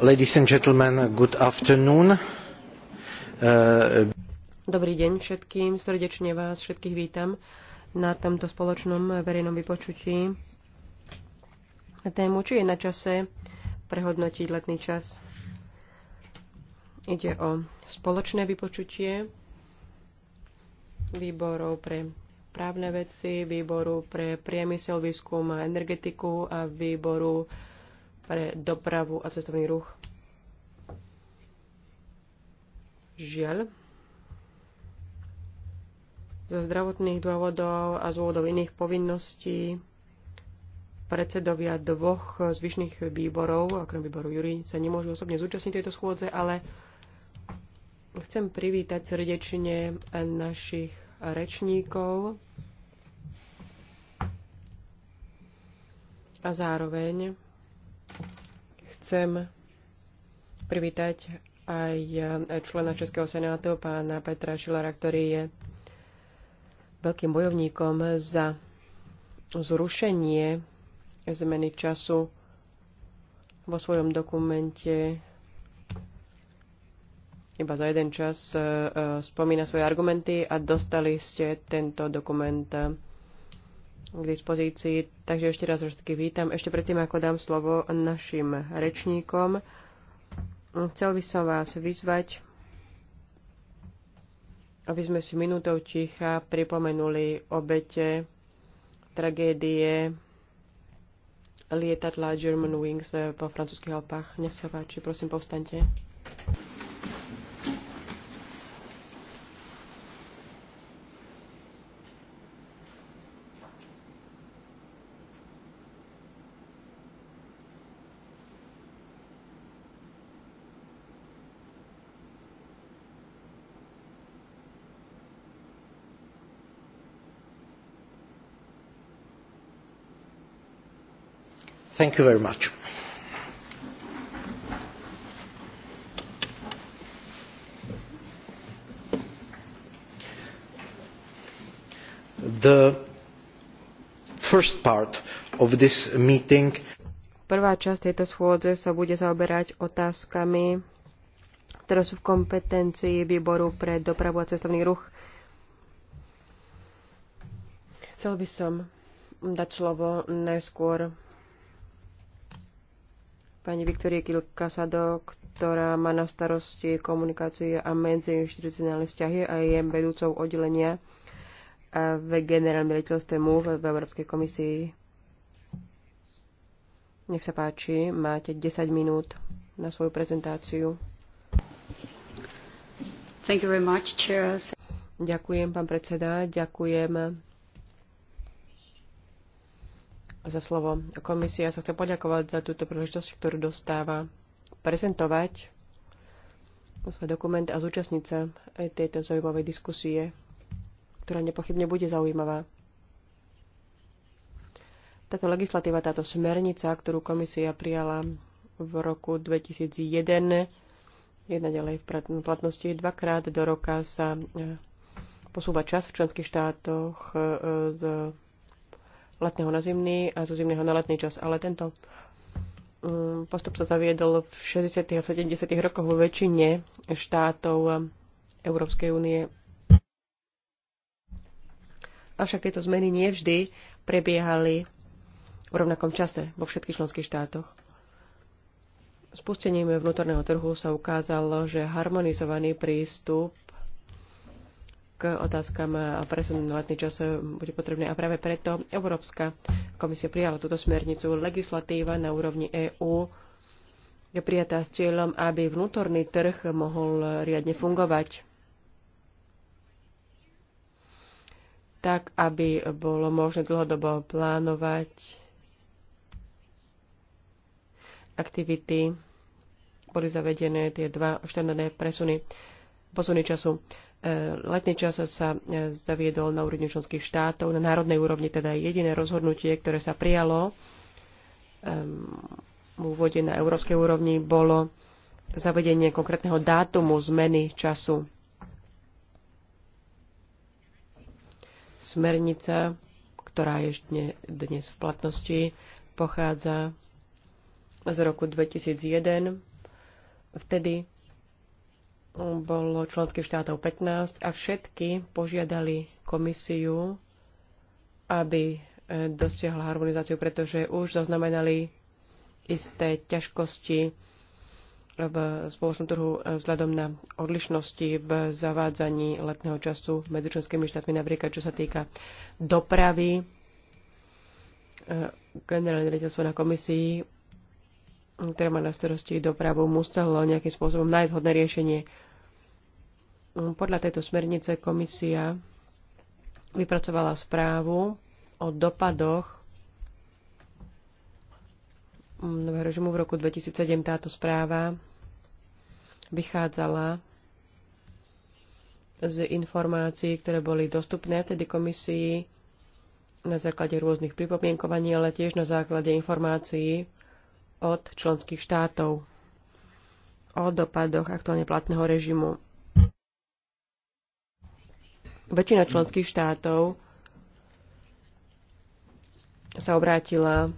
Uh, Dobrý deň všetkým, srdečne vás všetkých vítam na tomto spoločnom verejnom vypočutí. Tému, či je na čase prehodnotiť letný čas. Ide o spoločné vypočutie výborov pre právne veci, výboru pre priemysel, výskum a energetiku a výboru pre dopravu a cestovný ruch. Žiaľ. Zo zdravotných dôvodov a z dôvodov iných povinností predsedovia dvoch zvyšných výborov, okrem výboru Jury, sa nemôžu osobne zúčastniť tejto schôdze, ale chcem privítať srdečne našich rečníkov a zároveň Chcem privítať aj člena Českého senátu, pána Petra Šilara, ktorý je veľkým bojovníkom za zrušenie zmeny času vo svojom dokumente iba za jeden čas e, e, spomína svoje argumenty a dostali ste tento dokument k dispozícii. Takže ešte raz všetky vítam. Ešte predtým, ako dám slovo našim rečníkom, chcel by som vás vyzvať, aby sme si minútou ticha pripomenuli obete tragédie lietadla Germanwings po francúzských Alpách. Nech sa páči, prosím, povstaňte. Thank you very much. The first part of this meeting Prvá časť tejto schôdze sa bude zaoberať otázkami, ktoré sú v kompetencii výboru pre dopravu a cestovný ruch. Chcel by som dať slovo najskôr pani Viktorie Kilkasado, ktorá má na starosti komunikácie a medziinstitucionálne vzťahy a je vedúcou oddelenia eh, v generálnom riaditeľstve MUV v Európskej komisii. Nech sa páči, máte 10 minút na svoju prezentáciu. Thank you very much, Chair. Ďakujem, pán predseda. Ďakujem za slovo. Komisia sa chce poďakovať za túto príležitosť, ktorú dostáva prezentovať svoj dokument a zúčastniť sa aj tejto zaujímavej diskusie, ktorá nepochybne bude zaujímavá. Táto legislatíva, táto smernica, ktorú komisia prijala v roku 2001, je naďalej v platnosti. Dvakrát do roka sa eh, posúva čas v členských štátoch eh, z letného na zimný a zo zimného na letný čas. Ale tento mm, postup sa zaviedol v 60. a 70. rokoch vo väčšine štátov Európskej únie. Avšak tieto zmeny nevždy prebiehali v rovnakom čase vo všetkých členských štátoch. Spustením vnútorného trhu sa ukázalo, že harmonizovaný prístup k otázkam a presunom na letný čas bude potrebné. A práve preto Európska komisia prijala túto smernicu. Legislatíva na úrovni EÚ je prijatá s cieľom, aby vnútorný trh mohol riadne fungovať. Tak, aby bolo možné dlhodobo plánovať aktivity, boli zavedené tie dva štandardné presuny, posuny času letný čas sa e, zaviedol na úrovni členských štátov, na národnej úrovni teda jediné rozhodnutie, ktoré sa prijalo ehm, v úvode na európskej úrovni bolo zavedenie konkrétneho dátumu zmeny času. Smernica, ktorá je dnes v platnosti, pochádza z roku 2001. Vtedy bolo členských štátov 15 a všetky požiadali komisiu, aby e, dosiahla harmonizáciu, pretože už zaznamenali isté ťažkosti v spoločnom trhu e, vzhľadom na odlišnosti v zavádzaní letného času medzi členskými štátmi, napríklad čo sa týka dopravy. E, generálne riaditeľstvo na komisii, ktoré má na starosti dopravu, muselo nejakým spôsobom nájsť hodné riešenie podľa tejto smernice komisia vypracovala správu o dopadoch nového režimu v roku 2007. Táto správa vychádzala z informácií, ktoré boli dostupné tedy komisii na základe rôznych pripomienkovaní, ale tiež na základe informácií od členských štátov o dopadoch aktuálne platného režimu Väčšina členských štátov sa obrátila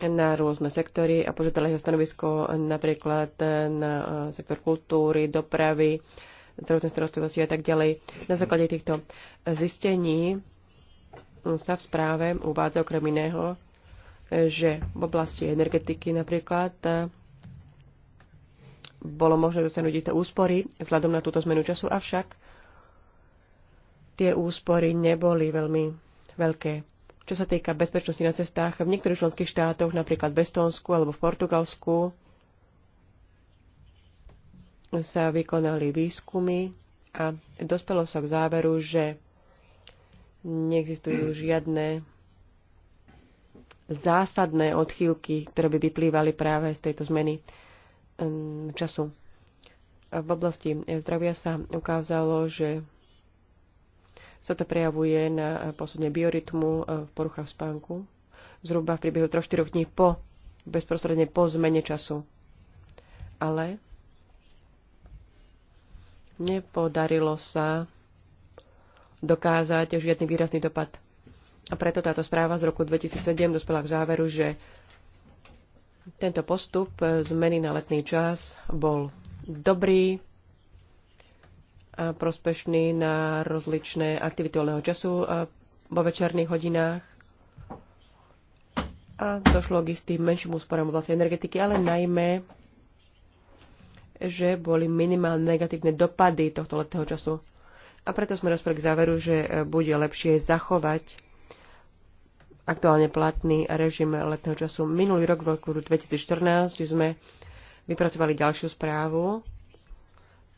na rôzne sektory a požiadala jeho stanovisko napríklad na e, sektor kultúry, dopravy, zdravotnej starostlivosti a tak ďalej. Na základe týchto zistení sa v správe uvádza okrem iného, že v oblasti energetiky napríklad bolo možné dosiahnuť isté úspory vzhľadom na túto zmenu času, avšak tie úspory neboli veľmi veľké. Čo sa týka bezpečnosti na cestách, v niektorých členských štátoch, napríklad v Estónsku alebo v Portugalsku, sa vykonali výskumy a dospelo sa k záveru, že neexistujú žiadne zásadné odchýlky, ktoré by vyplývali práve z tejto zmeny um, času. V oblasti zdravia sa ukázalo, že sa to prejavuje na posledne biorytmu e, v poruchách spánku, zhruba v priebehu 3-4 dní po, bezprostredne po zmene času. Ale nepodarilo sa dokázať žiadny výrazný dopad. A preto táto správa z roku 2007 dospela k záveru, že tento postup e, zmeny na letný čas bol dobrý, prospešný na rozličné aktivity voľného času vo večerných hodinách. A došlo k istým menším úsporám v oblasti energetiky, ale najmä, že boli minimálne negatívne dopady tohto letného času. A preto sme rozprávali k záveru, že e, bude lepšie zachovať aktuálne platný režim letného času. Minulý rok v roku 2014 sme vypracovali ďalšiu správu,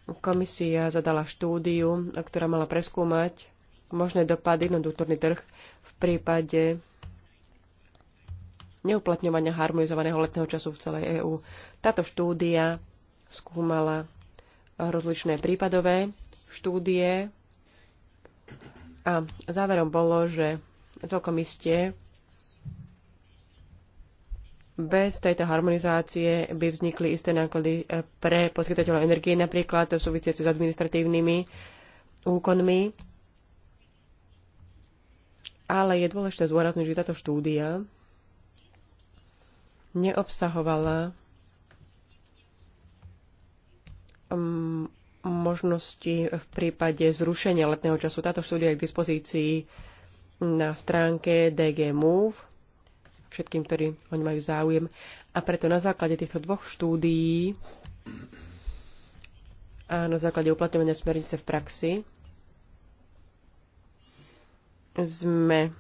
Komisia zadala štúdiu, ktorá mala preskúmať možné dopady na dútorný trh v prípade neuplatňovania harmonizovaného letného času v celej EÚ. Táto štúdia skúmala rozličné prípadové štúdie a záverom bolo, že celkom isté bez tejto harmonizácie by vznikli isté náklady eh, pre poskytateľov energie, napríklad súvisiaci s administratívnymi úkonmi. Ale je dôležité zúrazniť, že táto štúdia neobsahovala mm, možnosti v prípade zrušenia letného času. Táto štúdia je k dispozícii na stránke DG Move všetkým, ktorí oň majú záujem. A preto na základe týchto dvoch štúdií a na základe uplatňovania smernice v praxi sme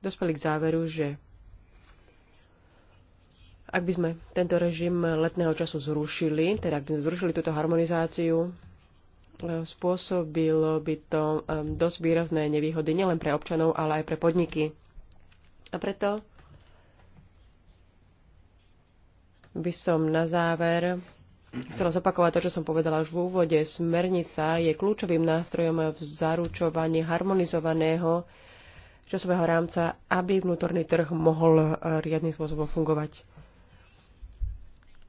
dospeli k záveru, že ak by sme tento režim letného času zrušili, teda ak by sme zrušili túto harmonizáciu, e, spôsobilo by to e, dosť výrazné nevýhody nielen pre občanov, ale aj pre podniky. A preto by som na záver chcela zopakovať to, čo som povedala už v úvode. Smernica je kľúčovým nástrojom v zaručovaní harmonizovaného časového rámca, aby vnútorný trh mohol e, riadným spôsobom fungovať.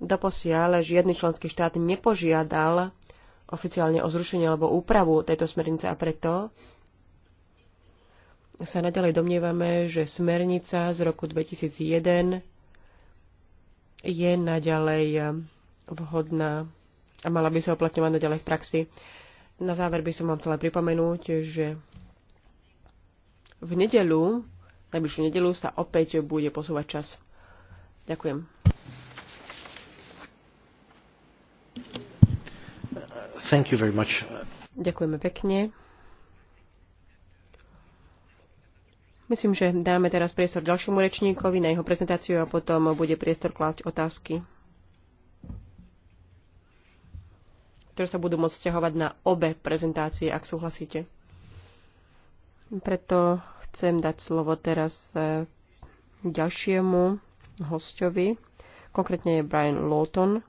Doposiaľ žiadny členský štát nepožiadal oficiálne o zrušenie alebo úpravu tejto smernice a preto sa nadalej domnievame, že smernica z roku 2001 je naďalej eh, vhodná a mala by sa oplatňovať naďalej v praxi. Na záver by som vám chcela pripomenúť, že v nedelu, najbližšiu nedelu sa opäť bude posúvať čas. Ďakujem. Thank you very much. Ďakujeme pekne. Myslím, že dáme teraz priestor ďalšiemu rečníkovi na jeho prezentáciu a potom bude priestor klásť otázky, ktoré sa budú môcť stiahovať na obe prezentácie, ak súhlasíte. Preto chcem dať slovo teraz eh, ďalšiemu hostovi. Konkrétne je Brian Lawton,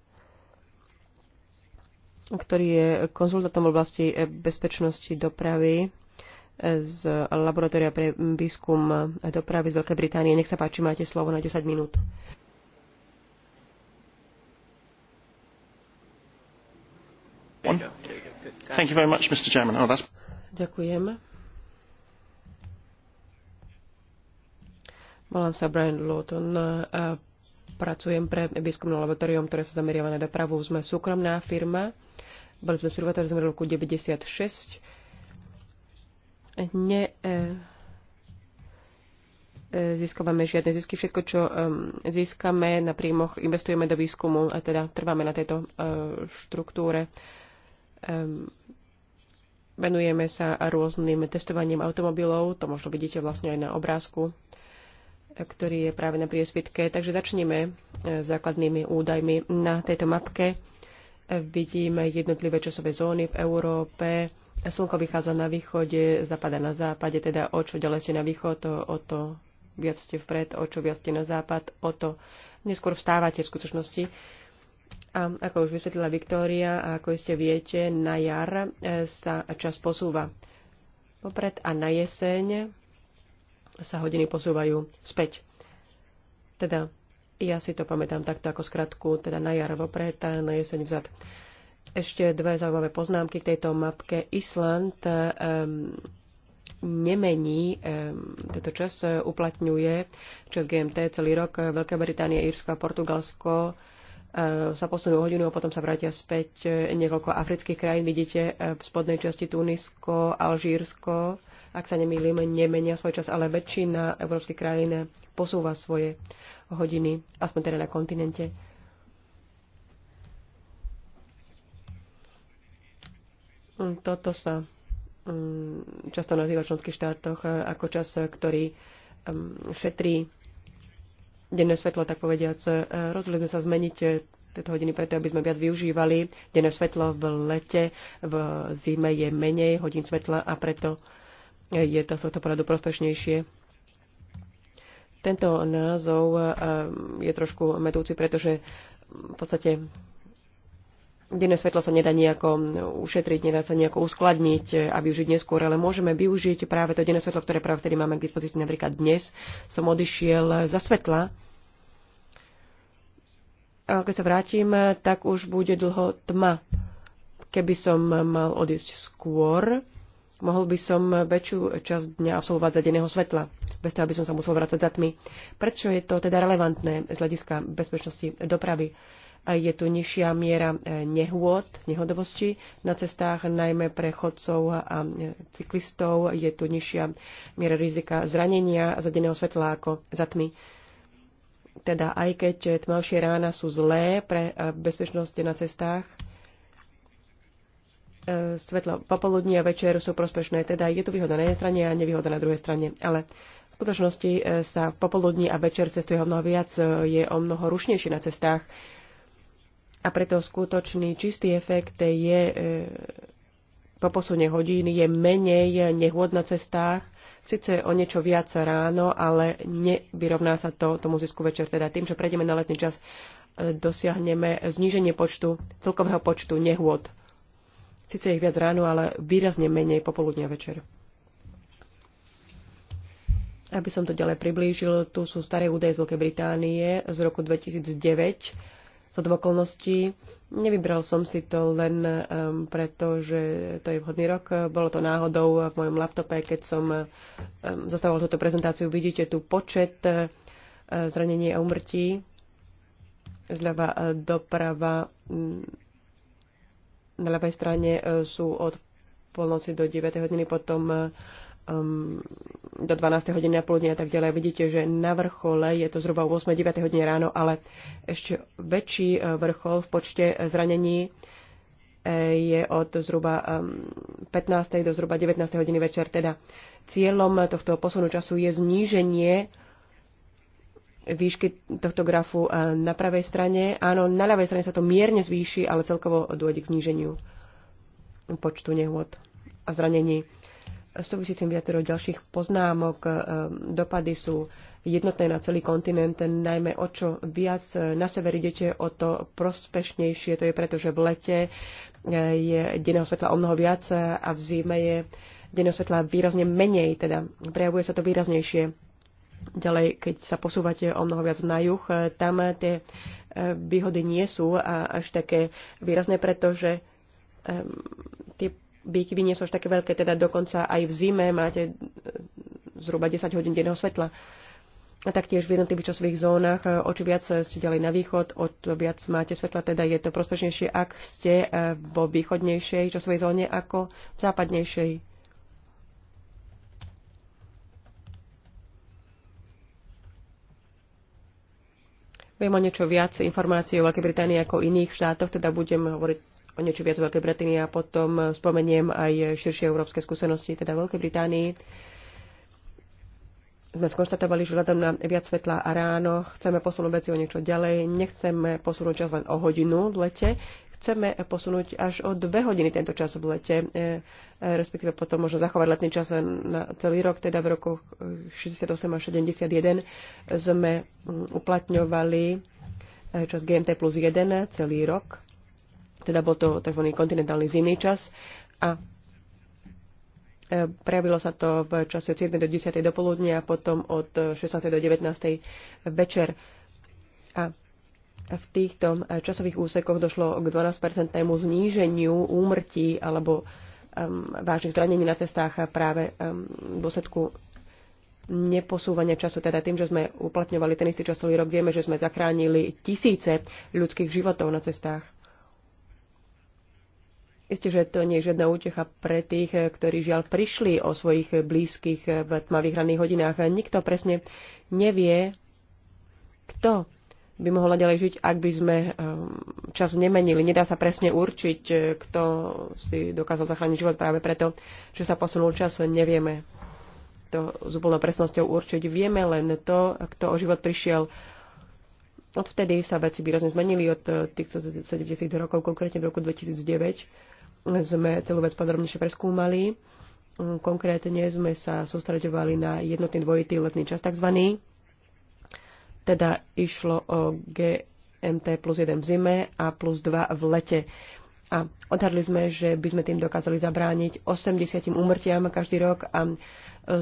ktorý je konzultantom v oblasti eh, bezpečnosti dopravy z Laboratória pre výskum dopravy z Veľkej Británie. Nech sa páči, máte slovo na 10 minút. Much, oh, Ďakujem. Volám sa Brian Lawton pracujem pre výskumné laboratórium, ktoré sa zameriava na dopravu. Sme súkromná firma. Boli sme v roku 96 ne e, e, získavame žiadne zisky. Všetko, čo e, získame na príjmoch, investujeme do výskumu a teda trváme na tejto štruktúre. Venujeme sa rôznym testovaním automobilov, to možno vidíte vlastne aj na obrázku, ktorý je práve na priesvitke. Takže začneme základnými údajmi. Na tejto mapke vidíme jednotlivé časové zóny v Európe, Slnko vychádza na východe, zapada na západe, teda o čo ďalej ste na východ, to, o to viac ste vpred, o čo viac ste na západ, o to neskôr vstávate v skutočnosti. A ako už vysvetlila Viktória, a ako ste viete, na jar e, sa čas posúva popred a na jeseň sa hodiny posúvajú späť. Teda ja si to pamätám takto ako skratku, teda na jar vopred a na jeseň vzad. Ešte dve zaujímavé poznámky k tejto mapke. Island um, nemení um, tento čas, e, uplatňuje čas GMT celý rok. Veľká Británia, Írsko a Portugalsko e, sa posunú hodinu a potom sa vrátia späť e, niekoľko afrických krajín. Vidíte v spodnej časti Tunisko, Alžírsko, ak sa nemýlim, nemenia svoj čas, ale väčšina európskych krajín posúva svoje hodiny, aspoň teda na kontinente. Toto sa mm, často nazýva v členských štátoch e, ako čas, e, ktorý šetrí denné svetlo, tak povediac. E, rozhodli sme sa zmeniť tieto hodiny preto, aby sme viac využívali denné svetlo v lete, v zime je menej hodín svetla a preto je to svojto poradu prospešnejšie. Tento názov je trošku metúci, pretože v podstate denné svetlo sa nedá nejako ušetriť, nedá sa nejako uskladniť a využiť neskôr, ale môžeme využiť práve to denné svetlo, ktoré práve vtedy máme k dispozícii. Napríklad dnes som odišiel za svetla. A keď sa vrátim, tak už bude dlho tma. Keby som mal odísť skôr, mohol by som väčšiu časť dňa absolvovať za denného svetla, bez toho, aby som sa musel vrácať za tmy. Prečo je to teda relevantné z hľadiska bezpečnosti dopravy? Je tu nižšia miera e, nehôd, nehodovosti na cestách, najmä pre chodcov a cyklistov. Je tu nižšia miera rizika zranenia a zadeného svetla ako za tmy. Teda aj keď tmavšie rána sú zlé pre e, bezpečnosť na cestách, e, svetlo popoludní a večer sú prospešné. Teda je tu výhoda na jednej strane a nevýhoda na druhej strane. Ale v skutočnosti sa popoludní a večer cestuje o mnoho viac, je o mnoho rušnejšie na cestách. A preto skutočný čistý efekt je e, po posune hodín je menej nehôd na cestách, síce o niečo viac ráno, ale nevyrovná sa to tomu zisku večer. Teda tým, že prejdeme na letný čas, e, dosiahneme zníženie počtu, celkového počtu nehôd. Sice ich viac ráno, ale výrazne menej popoludnia večer. Aby som to ďalej priblížil, tu sú staré údaje z Veľkej Británie z roku 2009 z okolností. Nevybral som si to len um, preto, že to je vhodný rok. Bolo to náhodou v mojom laptope, keď som um, zastával túto prezentáciu. Vidíte tu počet uh, zranení a umrtí. Zľava uh, doprava. Um, na ľavej strane uh, sú od polnoci do 9 hodiny, potom uh, um, do 12. hodiny na poludne a tak ďalej. Vidíte, že na vrchole je to zhruba 8. 9. hodine ráno, ale ešte väčší e, vrchol v počte e, zranení e, je od zhruba 15. Um, do zhruba 19. hodiny večer. Teda cieľom tohto posunu času je zníženie výšky tohto grafu na pravej strane. Áno, na ľavej strane sa to mierne zvýši, ale celkovo dôjde k zníženiu počtu nehôd a zranení. Súvisí tým viacero ďalších poznámok. E, dopady sú jednotné na celý kontinent, najmä o čo viac na sever idete, o to prospešnejšie. To je preto, že v lete e, je denného svetla o mnoho viac a v zime je denného svetla výrazne menej, teda prejavuje sa to výraznejšie. Ďalej, keď sa posúvate o mnoho viac na juh, e, tam tie výhody nie sú až také výrazné, pretože tie bíky nie sú až také veľké, teda dokonca aj v zime máte e, zhruba 10 hodín denného svetla. A taktiež v jednotlivých časových zónach, e, o čo viac ste ďalej na východ, o to viac máte svetla, teda je to prospešnejšie, ak ste e, vo východnejšej časovej zóne ako v západnejšej. Viem o niečo viac informácií o Veľkej Británii ako iných štátoch, teda budem hovoriť o niečo viac Veľkej Británie a potom spomeniem aj širšie európske skúsenosti, teda Veľkej Británii. Sme skonštatovali, že vzhľadom na viac svetla a ráno chceme posunúť veci o niečo ďalej. Nechceme posunúť čas len o hodinu v lete, chceme posunúť až o dve hodiny tento čas v lete, e, e, respektíve potom možno zachovať letný čas na celý rok, teda v roku 68 až 71 sme mm, uplatňovali e, čas GMT plus 1 celý rok teda bol to tzv. kontinentálny zimný čas a e, prejavilo sa to v čase od 7. do 10. dopoludne a potom od 16. do 19. večer. A v týchto e, časových úsekoch došlo k 12-percentnému zníženiu úmrtí alebo um, vážnych zranení na cestách a práve um, v dôsledku neposúvania času, teda tým, že sme uplatňovali ten istý časový rok, vieme, že sme zachránili tisíce ľudských životov na cestách. Isté, že to nie je žiadna útecha pre tých, ktorí žiaľ prišli o svojich blízkych v tmavých ranných hodinách. Nikto presne nevie, kto by mohol naďalej žiť, ak by sme um, čas nemenili. Nedá sa presne určiť, uh, kto si dokázal zachrániť život práve preto, že sa posunul čas, nevieme to s úplnou presnosťou určiť. Vieme len to, kto o život prišiel Odvtedy sa veci výrazne zmenili od uh, tých 70 rokov, konkrétne v roku 2009 sme celú vec podrobnejšie preskúmali. Mm, konkrétne sme sa sústredovali na jednotný dvojitý letný čas tzv. Teda išlo o GMT plus 1 v zime a plus 2 v lete. A odhadli sme, že by sme tým dokázali zabrániť 80 úmrtiam každý rok a e,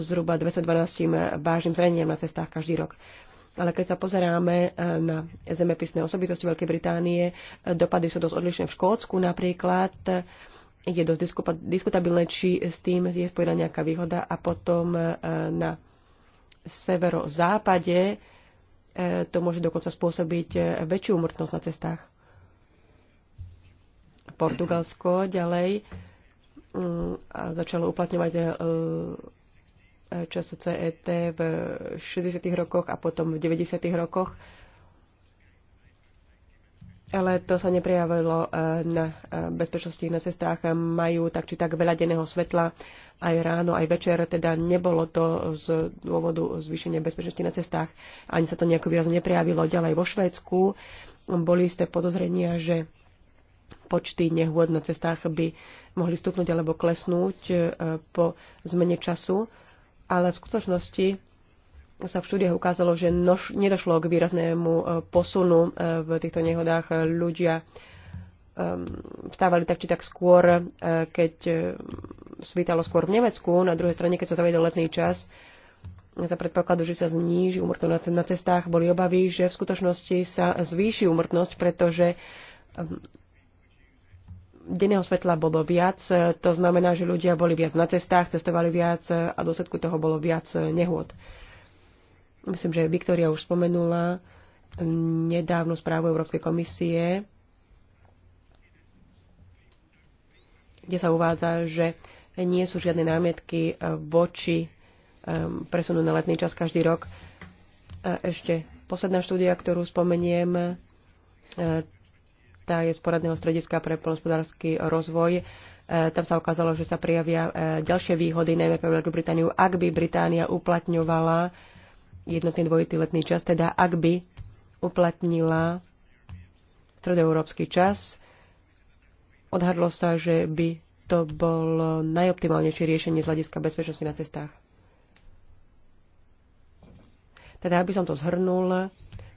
zhruba 212 vážnym zraneniam na cestách každý rok. Ale keď sa pozeráme e, na zemepisné osobitosti Veľkej Británie, e, dopady sú dosť odlišné v Škótsku napríklad je dosť diskutabilné, či s tým je spojená nejaká výhoda a potom e, na severozápade e, to môže dokonca spôsobiť e, väčšiu umrtnosť na cestách. Portugalsko ďalej mm, začalo uplatňovať čas CET v 60. rokoch a potom v 90. rokoch ale to sa neprejavilo e, na e, bezpečnosti na cestách. Majú tak či tak veľa denného svetla aj ráno, aj večer, teda nebolo to z dôvodu zvýšenia bezpečnosti na cestách. Ani sa to nejako viac neprejavilo Ďalej vo Švédsku boli ste podozrenia, že počty nehôd na cestách by mohli stupnúť alebo klesnúť e, po zmene času, ale v skutočnosti sa v štúdiách ukázalo, že nož, nedošlo k výraznému e, posunu e, v týchto nehodách. E, ľudia vstávali tak či tak skôr, keď svítalo skôr v Nemecku. Na druhej strane, keď sa zavedol letný čas, za predpokladu, že sa zníži umrtnosť na cestách, boli obavy, že v skutočnosti sa zvýši umrtnosť, pretože denného svetla bolo viac, to znamená, že ľudia boli viac na cestách, cestovali viac a dôsledku toho bolo viac nehôd. Myslím, že Viktória už spomenula ehm, nedávnu správu Európskej komisie, kde sa uvádza, že nie sú žiadne námietky eh, voči ehm, presunu na letný čas každý rok. A ešte posledná štúdia, ktorú spomeniem, eh, tá je z poradného strediska pre polnospodársky rozvoj. Eh, tam sa ukázalo, že sa prijavia ďalšie výhody, najmä pre Veľkú Britániu, ak by Británia uplatňovala jednotný dvojitý letný čas, teda ak by uplatnila stredoeurópsky čas, odhadlo sa, že by to bolo najoptimálnejšie riešenie z hľadiska bezpečnosti na cestách. Teda, aby som to zhrnul,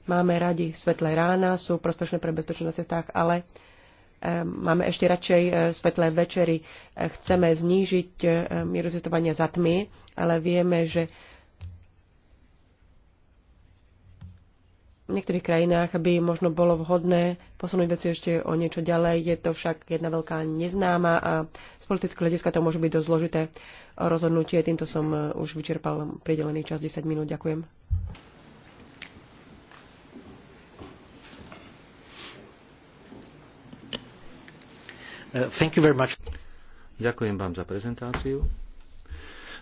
máme radi svetlé rána, sú prospešné pre bezpečnosť na cestách, ale e, máme ešte radšej e, svetlé večery. E, chceme znížiť mieru cestovania za tmy, ale vieme, že v niektorých krajinách by možno bolo vhodné posunúť veci ešte o niečo ďalej. Je to však jedna veľká neznáma a z politického hľadiska to môže byť dosť zložité rozhodnutie. Týmto som e, už vyčerpal pridelený čas 10 minút. Ďakujem. E, thank you very much. Ďakujem vám za prezentáciu.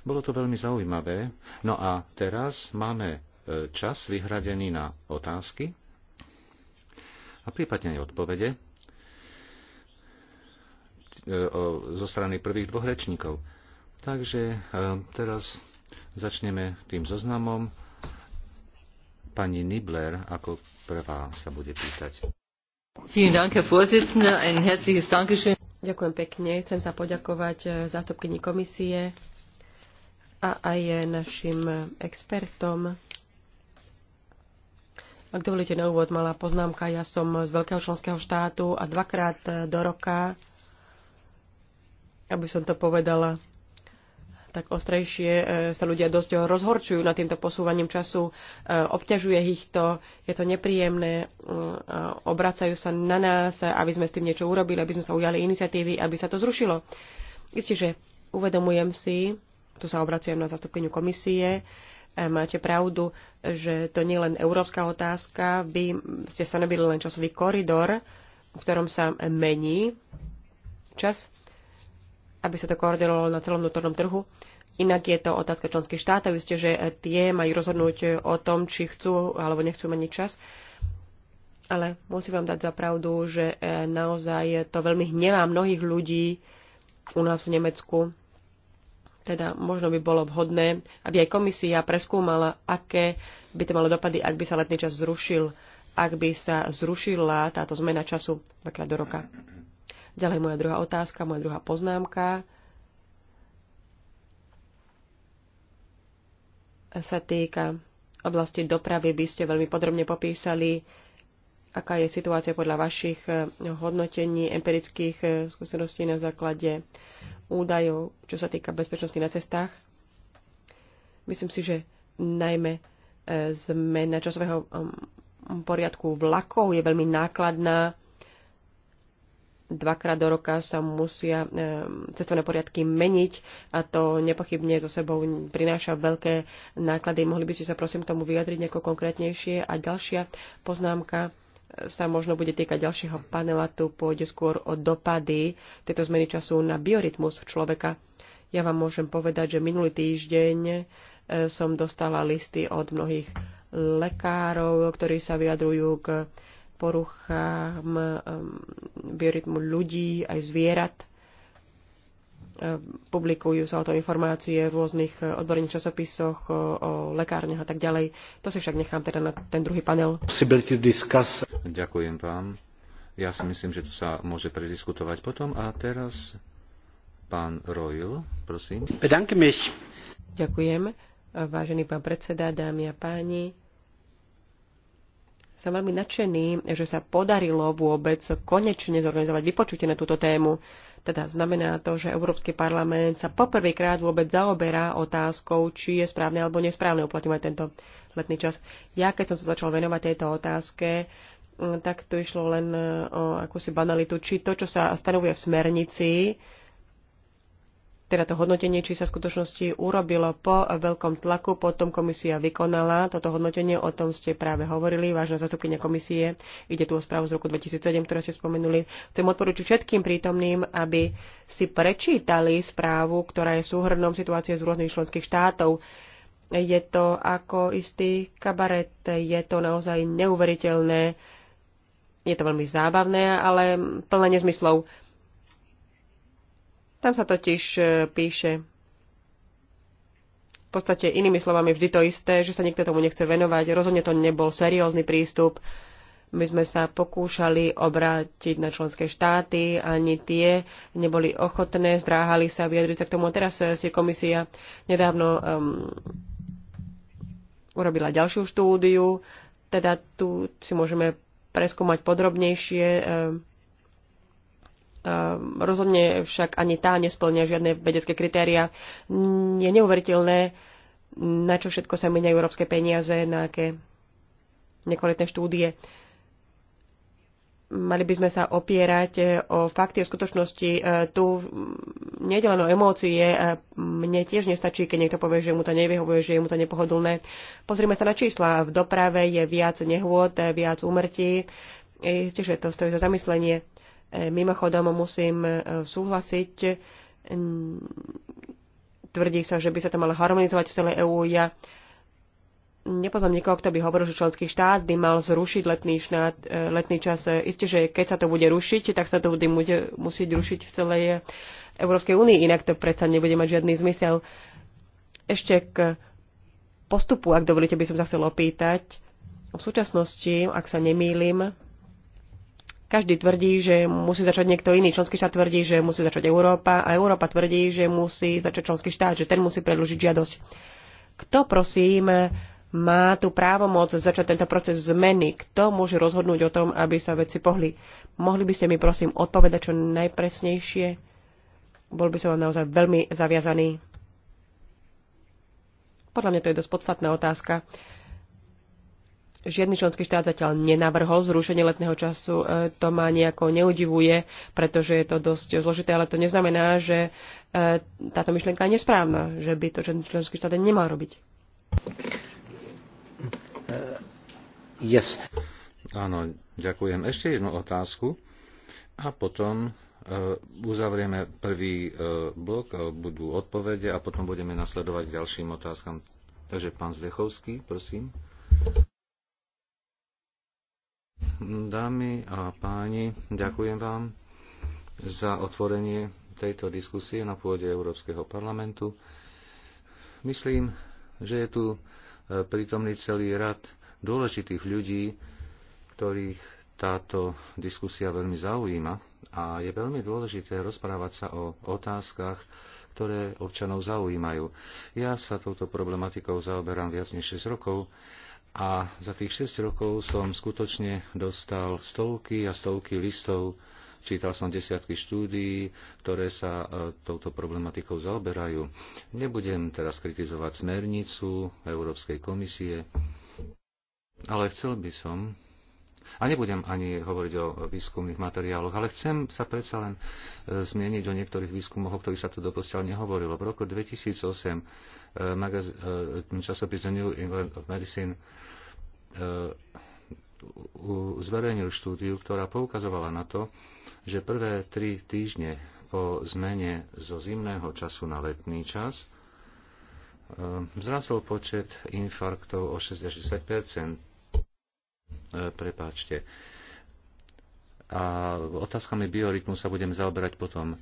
Bolo to veľmi zaujímavé. No a teraz máme čas vyhradený na otázky a prípadne aj odpovede e, zo strany prvých dvoch rečníkov. Takže e, teraz začneme tým zoznamom. Pani Nibler ako prvá sa bude pýtať. Ďakujem pekne. Chcem sa poďakovať e, zástupkyni komisie a aj našim expertom ak dovolíte na úvod, malá poznámka. Ja som z veľkého členského štátu a dvakrát e, do roka, aby som to povedala tak ostrejšie, e, sa ľudia dosť rozhorčujú nad týmto posúvaním času. E, obťažuje ich to, je to nepríjemné, obracajú sa na nás, aby sme s tým niečo urobili, aby sme sa ujali iniciatívy, aby sa to zrušilo. Isté, že uvedomujem si, tu sa obraciam na zastupkyňu komisie, máte pravdu, že to nie je len európska otázka, vy ste stanovili len časový koridor, v ktorom sa mení čas, aby sa to koordinovalo na celom vnútornom trhu. Inak je to otázka členských štátov. ste, že tie majú rozhodnúť o tom, či chcú alebo nechcú meniť čas. Ale musím vám dať za pravdu, že e, naozaj to veľmi hnevá mnohých ľudí u nás v Nemecku, teda možno by bolo vhodné, aby aj komisia preskúmala, aké by to malo dopady, ak by sa letný čas zrušil, ak by sa zrušila táto zmena času dvakrát do roka. Ďalej moja druhá otázka, moja druhá poznámka sa týka oblasti dopravy. By ste veľmi podrobne popísali aká je situácia podľa vašich eh, hodnotení, empirických eh, skúseností na základe údajov, čo sa týka bezpečnosti na cestách. Myslím si, že najmä eh, zmena časového mm, poriadku vlakov je veľmi nákladná. Dvakrát do roka sa musia cestovné poriadky meniť a to nepochybne so sebou prináša veľké náklady. Mohli by ste sa prosím tomu vyjadriť nejako konkrétnejšie. A ďalšia poznámka sa možno bude týkať ďalšieho panela, tu pôjde skôr o dopady tejto zmeny času na biorytmus človeka. Ja vám môžem povedať, že minulý týždeň e, som dostala listy od mnohých lekárov, ktorí sa vyjadrujú k poruchám e, biorytmu ľudí aj zvierat publikujú sa o tom informácie v rôznych odborných časopisoch, o, lekárniach a tak ďalej. To si však nechám teda na ten druhý panel. Ďakujem vám. Ja si myslím, že to sa môže prediskutovať potom. A teraz pán Royal, prosím. Ďakujem. Vážený pán predseda, dámy a páni, som veľmi nadšený, že sa podarilo vôbec konečne zorganizovať vypočutie na túto tému. Teda znamená to, že Európsky parlament sa poprvýkrát vôbec zaoberá otázkou, či je správne alebo nesprávne uplatňovať tento letný čas. Ja, keď som sa začal venovať tejto otázke, mm, tak to išlo len eh, o akúsi banalitu, či to, čo sa stanovuje v smernici, teda to hodnotenie, či sa v skutočnosti urobilo po veľkom tlaku, potom komisia vykonala toto hodnotenie, o tom ste práve hovorili, vážna zastupkynia komisie, ide tu o správu z roku 2007, ktorú ste spomenuli. Chcem odporúčiť všetkým prítomným, aby si prečítali správu, ktorá je súhrnom situácie z rôznych členských štátov. Je to ako istý kabaret, je to naozaj neuveriteľné, je to veľmi zábavné, ale plné nezmyslov. Tam sa totiž e, píše v podstate inými slovami vždy to isté, že sa nikto tomu nechce venovať. Rozhodne to nebol seriózny prístup. My sme sa pokúšali obrátiť na členské štáty, ani tie neboli ochotné, zdráhali sa vyjadriť sa k tomu. A teraz e, si komisia nedávno um, urobila ďalšiu štúdiu, teda tu si môžeme preskúmať podrobnejšie. Um, Ehm, rozhodne však ani tá nesplňa žiadne vedecké kritéria. Je neuveriteľné, na čo všetko sa menia európske peniaze, na aké nekvalitné štúdie. Mali by sme sa opierať e, o fakty a skutočnosti. E, tu nedeleno emócie. E, mne tiež nestačí, keď niekto povie, že mu to nevyhovuje, že je mu to nepohodlné. Pozrime sa na čísla. V doprave je viac nehôd, viac úmrtí. Isté, že to stojí za zamyslenie. E, mimochodom musím e, súhlasiť, e, tvrdí sa, že by sa to malo harmonizovať v celej EÚ. Ja nepoznám nikoho, kto by hovoril, že členský štát by mal zrušiť letný, štát, letný čas. Isté, že keď sa to bude rušiť, tak sa to bude musieť rušiť v celej Európskej únii, inak to predsa nebude mať žiadny zmysel. Ešte k postupu, ak dovolíte, by som sa chcel opýtať. V súčasnosti, ak sa nemýlim, každý tvrdí, že musí začať niekto iný. Členský štát tvrdí, že musí začať Európa a Európa tvrdí, že musí začať členský štát, že ten musí predložiť žiadosť. Kto, prosím, má tu právomoc začať tento proces zmeny? Kto môže rozhodnúť o tom, aby sa veci pohli? Mohli by ste mi, prosím, odpovedať čo najpresnejšie? Bol by som vám naozaj veľmi zaviazaný. Podľa mňa to je dosť podstatná otázka. Žiadny členský štát zatiaľ nenavrhol zrušenie letného času. E, to ma nejako neudivuje, pretože je to dosť zložité, ale to neznamená, že e, táto myšlienka je nesprávna, že by to členský štát nemal robiť. E, yes. Áno, ďakujem. Ešte jednu otázku a potom uzavrieme prvý blok, budú odpovede a potom budeme nasledovať ďalším otázkam. Takže pán Zdechovský, prosím. Dámy a páni, ďakujem vám za otvorenie tejto diskusie na pôde Európskeho parlamentu. Myslím, že je tu e, prítomný celý rad dôležitých ľudí, ktorých táto diskusia veľmi zaujíma a je veľmi dôležité rozprávať sa o otázkach, ktoré občanov zaujímajú. Ja sa touto problematikou zaoberám viac než 6 rokov a za tých 6 rokov som skutočne dostal stovky a stovky listov, čítal som desiatky štúdií, ktoré sa e, touto problematikou zaoberajú. Nebudem teraz kritizovať smernicu Európskej komisie, ale chcel by som a nebudem ani hovoriť o výskumných materiáloch, ale chcem sa predsa len e, zmieniť o niektorých výskumoch, o ktorých sa tu doposiaľ nehovorilo. V roku 2008 e, magaz- e, časopis The New England of Medicine zverejnil štúdiu, ktorá poukazovala na to, že prvé tri týždne po zmene zo zimného času na letný čas vzrastol počet infarktov o 60 E, prepáčte. A otázkami biorytmu sa budem zaoberať potom.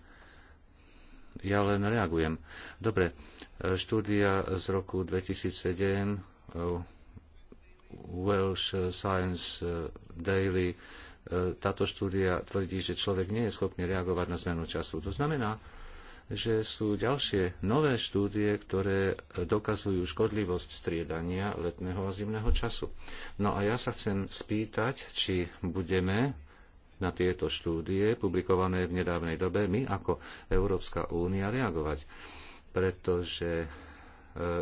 Ja len reagujem. Dobre, e, štúdia z roku 2007, e, Welsh Science Daily, táto štúdia tvrdí, že človek nie je schopný reagovať na zmenu času. To znamená, že sú ďalšie nové štúdie, ktoré dokazujú škodlivosť striedania letného a zimného času. No a ja sa chcem spýtať, či budeme na tieto štúdie publikované v nedávnej dobe my ako Európska únia reagovať. Pretože e,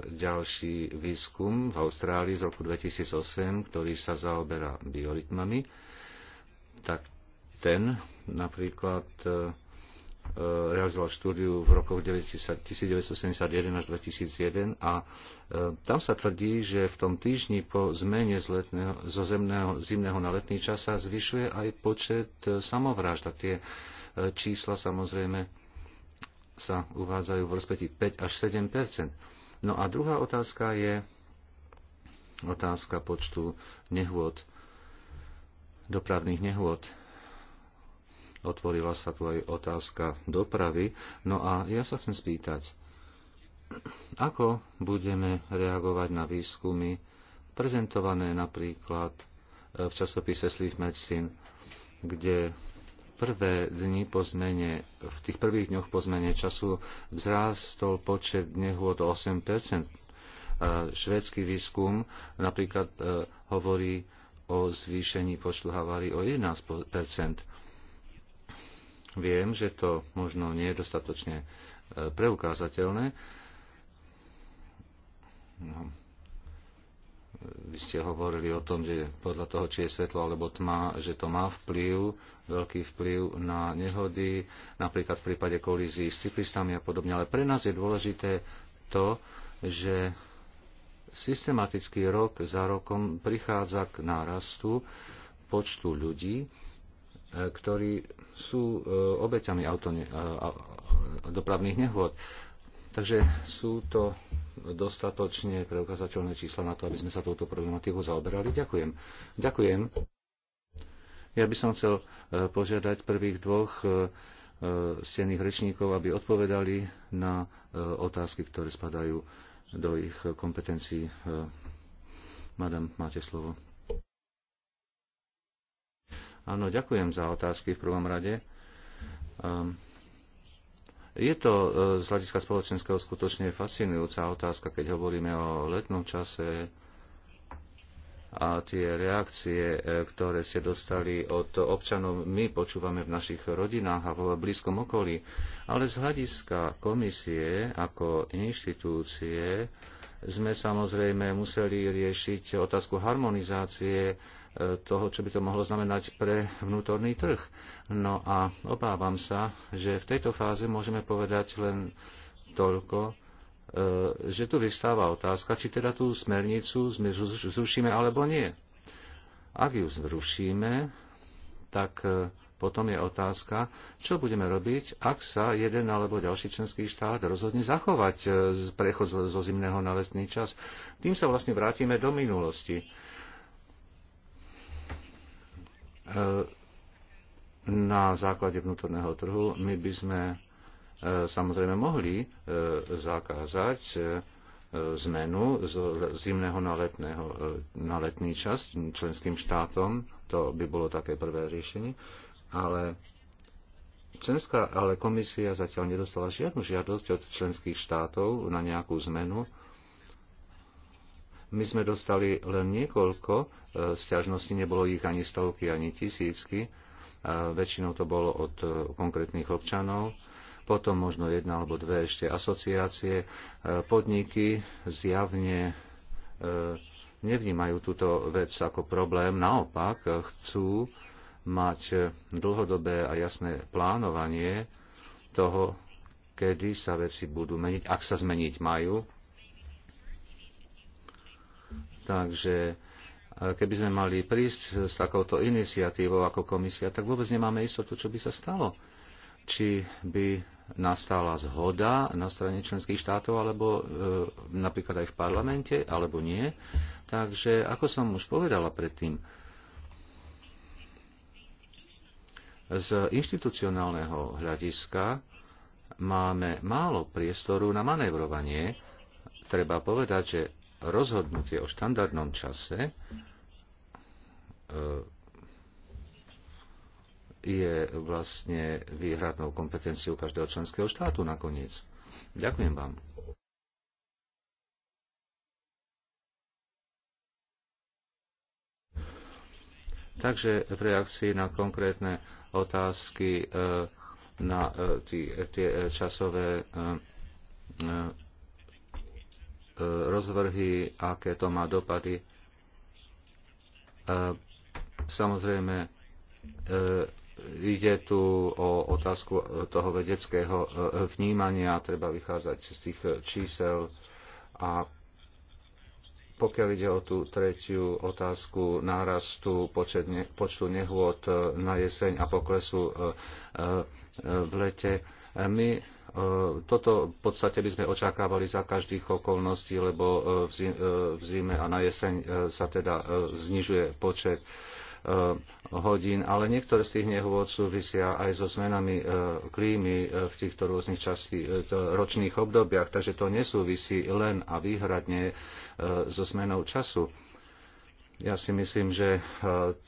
ďalší výskum v Austrálii z roku 2008, ktorý sa zaoberá biorytmami, tak ten napríklad e, E, realizoval štúdiu v rokoch 1971 až 2001 a e, tam sa tvrdí, že v tom týždni po zmene z letného, zo zemného, zimného na letný čas sa zvyšuje aj počet e, samovrážd a tie čísla samozrejme sa uvádzajú v rozpeti 5 až 7 No a druhá otázka je otázka počtu nehôd, dopravných nehôd otvorila sa tu aj otázka dopravy. No a ja sa chcem spýtať, ako budeme reagovať na výskumy prezentované napríklad e, v časopise Sleep Medicine, kde prvé dni po zmene, v tých prvých dňoch po zmene času vzrástol počet nehôd o 8 e, Švédsky výskum napríklad e, hovorí o zvýšení počtu havárií o 11 Viem, že to možno nie je dostatočne e, preukázateľné. No. Vy ste hovorili o tom, že podľa toho, či je svetlo alebo tma, že to má vplyv, veľký vplyv na nehody, napríklad v prípade kolízií s cyklistami a podobne. Ale pre nás je dôležité to, že systematicky rok za rokom prichádza k nárastu počtu ľudí, E, ktorí sú e, obeťami dopravných nehôd. Takže sú to dostatočne preukazateľné čísla na to, aby sme sa touto problematikou zaoberali. Ďakujem. Ďakujem. Ja by som chcel e, požiadať prvých dvoch stených rečníkov, aby odpovedali na otázky, ktoré spadajú do ich kompetencií. Madam, máte slovo. Áno, ďakujem za otázky v prvom rade. Ehm, je to e, z hľadiska spoločenského skutočne fascinujúca otázka, keď hovoríme o letnom čase a tie reakcie, e, ktoré ste dostali od občanov, my počúvame v našich rodinách a v blízkom okolí. Ale z hľadiska komisie ako inštitúcie sme samozrejme museli riešiť otázku harmonizácie toho, čo by to mohlo znamenať pre vnútorný trh. No a obávam sa, že v tejto fáze môžeme povedať len toľko, e, že tu vystáva otázka, či teda tú smernicu zrušíme alebo nie. Ak ju zrušíme, tak e, potom je otázka, čo budeme robiť, ak sa jeden alebo ďalší členský štát rozhodne zachovať e, prechod zo zimného na lesný čas. Tým sa vlastne vrátime do minulosti. E, na základe vnútorného trhu my by sme e, samozrejme mohli e, zakázať zmenu z zimného na, letného, na letný čas členským štátom. To by bolo také prvé riešenie. Ale Členská ale komisia zatiaľ nedostala žiadnu žiadosť od členských štátov na nejakú zmenu my sme dostali len niekoľko e, stiažností, nebolo ich ani stovky, ani tisícky. A väčšinou to bolo od e, konkrétnych občanov potom možno jedna alebo dve ešte asociácie. E, podniky zjavne nevnímajú túto vec ako problém, naopak chcú mať dlhodobé a jasné plánovanie toho, kedy sa veci budú meniť, ak sa zmeniť majú Takže e, keby sme mali prísť s takouto iniciatívou ako komisia, tak vôbec nemáme istotu, čo by sa stalo. Či by nastala zhoda na strane členských štátov, alebo e, napríklad aj v parlamente, alebo nie. Takže, ako som už povedala predtým, z inštitucionálneho hľadiska máme málo priestoru na manévrovanie. Treba povedať, že rozhodnutie o štandardnom čase e, je vlastne výhradnou kompetenciou každého členského štátu nakoniec. Ďakujem vám. Takže v reakcii na konkrétne otázky e, na e, tie, tie časové E, rozvrhy, aké to má dopady. E, samozrejme, e, ide tu o otázku toho vedeckého vnímania, treba vychádzať z tých čísel a pokiaľ ide o tú tretiu otázku nárastu počtu nehôd na jeseň a poklesu v lete, my e, toto v podstate by sme očakávali za každých okolností, lebo e, e, v zime a na jeseň sa teda znižuje počet hodín, ale niektoré z tých nehôd súvisia aj so zmenami klímy v týchto rôznych časti, ročných obdobiach, takže to nesúvisí len a výhradne so zmenou času. Ja si myslím, že e,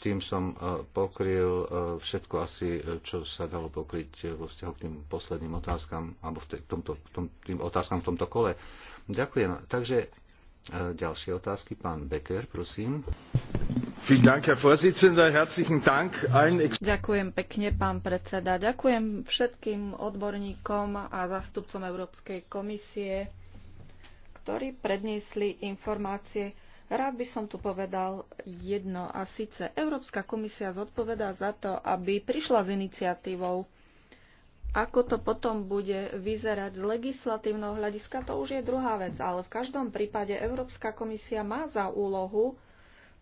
tým som e, pokryl e, všetko asi, čo sa dalo pokryť vo vzťahu k tým posledným otázkam, alebo v tomto, tom, tým otázkam v tomto kole. Ďakujem. Takže ďalšie otázky. Pán Becker, prosím. Ďakujem pekne, pán predseda. Ďakujem všetkým odborníkom a zástupcom Európskej komisie, ktorí predniesli informácie Rád by som tu povedal jedno a síce Európska komisia zodpovedá za to, aby prišla s iniciatívou. Ako to potom bude vyzerať z legislatívneho hľadiska, to už je druhá vec, ale v každom prípade Európska komisia má za úlohu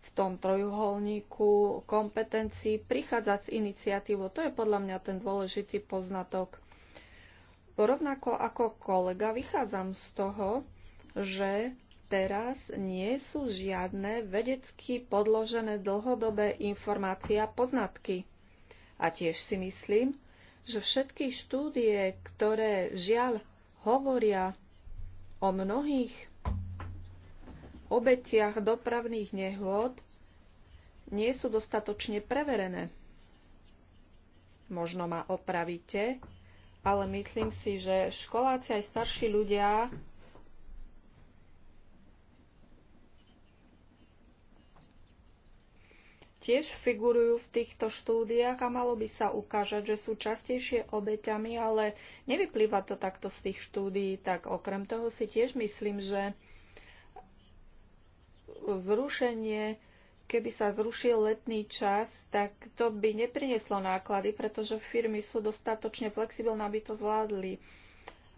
v tom trojuholníku kompetencií prichádzať s iniciatívou. To je podľa mňa ten dôležitý poznatok. Rovnako ako kolega vychádzam z toho, že teraz nie sú žiadne vedecky podložené dlhodobé informácie a poznatky. A tiež si myslím, že všetky štúdie, ktoré žiaľ hovoria o mnohých obetiach dopravných nehôd, nie sú dostatočne preverené. Možno ma opravíte, ale myslím si, že školáci aj starší ľudia tiež figurujú v týchto štúdiách a malo by sa ukážať, že sú častejšie obeťami, ale nevyplýva to takto z tých štúdií. Tak okrem toho si tiež myslím, že zrušenie, keby sa zrušil letný čas, tak to by neprineslo náklady, pretože firmy sú dostatočne flexibilné, aby to zvládli.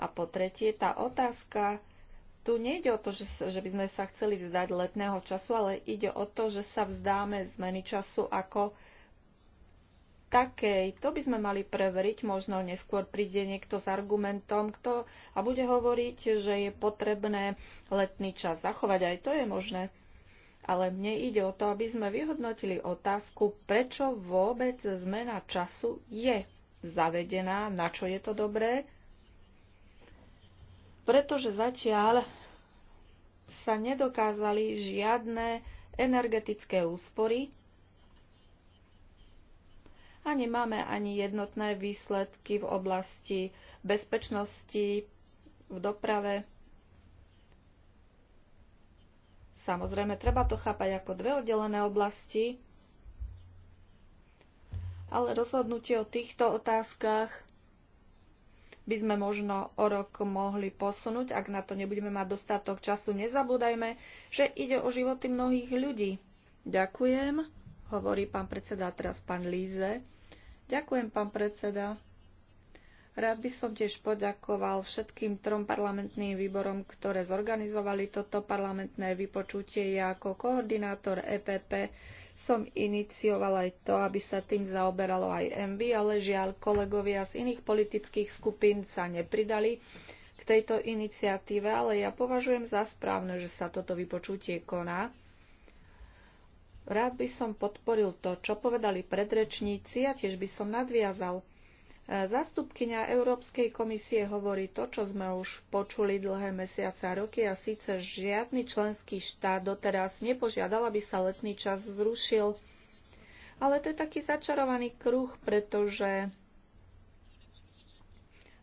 A po tretie, tá otázka tu nejde o to, že, že by sme sa chceli vzdať letného času, ale ide o to, že sa vzdáme zmeny času ako takej. To by sme mali preveriť, možno neskôr príde niekto s argumentom kto, a bude hovoriť, že je potrebné letný čas zachovať. Aj to je možné. Ale mne ide o to, aby sme vyhodnotili otázku, prečo vôbec zmena času je zavedená, na čo je to dobré, pretože zatiaľ sa nedokázali žiadne energetické úspory a nemáme ani jednotné výsledky v oblasti bezpečnosti v doprave. Samozrejme, treba to chápať ako dve oddelené oblasti, ale rozhodnutie o týchto otázkach by sme možno o rok mohli posunúť, ak na to nebudeme mať dostatok času. Nezabúdajme, že ide o životy mnohých ľudí. Ďakujem, hovorí pán predseda a teraz pán Líze. Ďakujem, pán predseda. Rád by som tiež poďakoval všetkým trom parlamentným výborom, ktoré zorganizovali toto parlamentné vypočutie. Ja ako koordinátor EPP som iniciovala aj to, aby sa tým zaoberalo aj MV, ale žiaľ kolegovia z iných politických skupín sa nepridali k tejto iniciatíve, ale ja považujem za správne, že sa toto vypočutie koná. Rád by som podporil to, čo povedali predrečníci a tiež by som nadviazal Zastupkyňa Európskej komisie hovorí to, čo sme už počuli dlhé mesiace a roky a síce žiadny členský štát doteraz nepožiadal, aby sa letný čas zrušil. Ale to je taký začarovaný kruh, pretože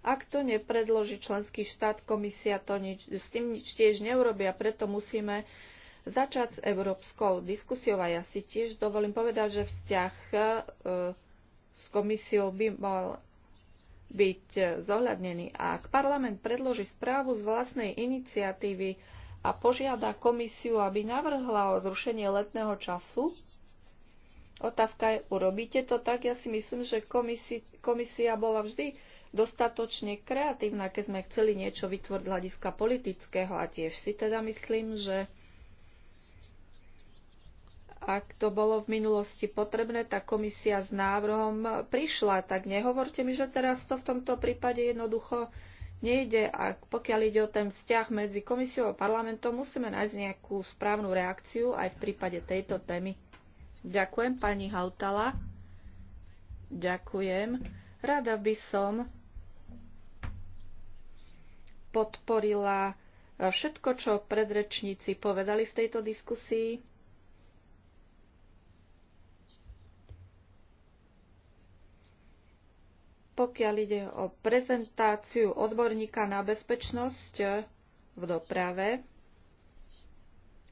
ak to nepredloží členský štát, komisia to nič, s tým nič tiež a preto musíme začať s európskou diskusiou a ja si tiež dovolím povedať, že vzťah e, s komisiou by mal byť zohľadnený. A ak parlament predloží správu z vlastnej iniciatívy a požiada komisiu, aby navrhla o zrušenie letného času, otázka je, urobíte to tak? Ja si myslím, že komisi, komisia bola vždy dostatočne kreatívna, keď sme chceli niečo vytvoriť hľadiska politického a tiež si teda myslím, že ak to bolo v minulosti potrebné, tak komisia s návrhom prišla. Tak nehovorte mi, že teraz to v tomto prípade jednoducho nejde. A pokiaľ ide o ten vzťah medzi komisiou a parlamentom, musíme nájsť nejakú správnu reakciu aj v prípade tejto témy. Ďakujem, pani Hautala. Ďakujem. Rada by som podporila všetko, čo predrečníci povedali v tejto diskusii pokiaľ ide o prezentáciu odborníka na bezpečnosť eh, v doprave,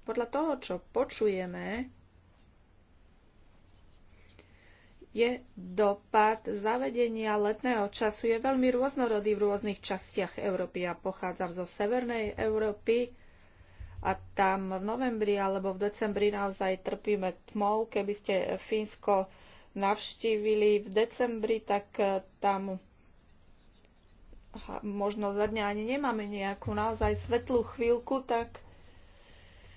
podľa toho, čo počujeme, je dopad zavedenia letného času je veľmi rôznorodý v rôznych častiach Európy. Ja pochádzam zo Severnej Európy a tam v novembri alebo v decembri naozaj trpíme tmou. Keby ste Fínsko navštívili v decembri, tak e, tam možno za dňa ani nemáme nejakú naozaj svetlú chvíľku, tak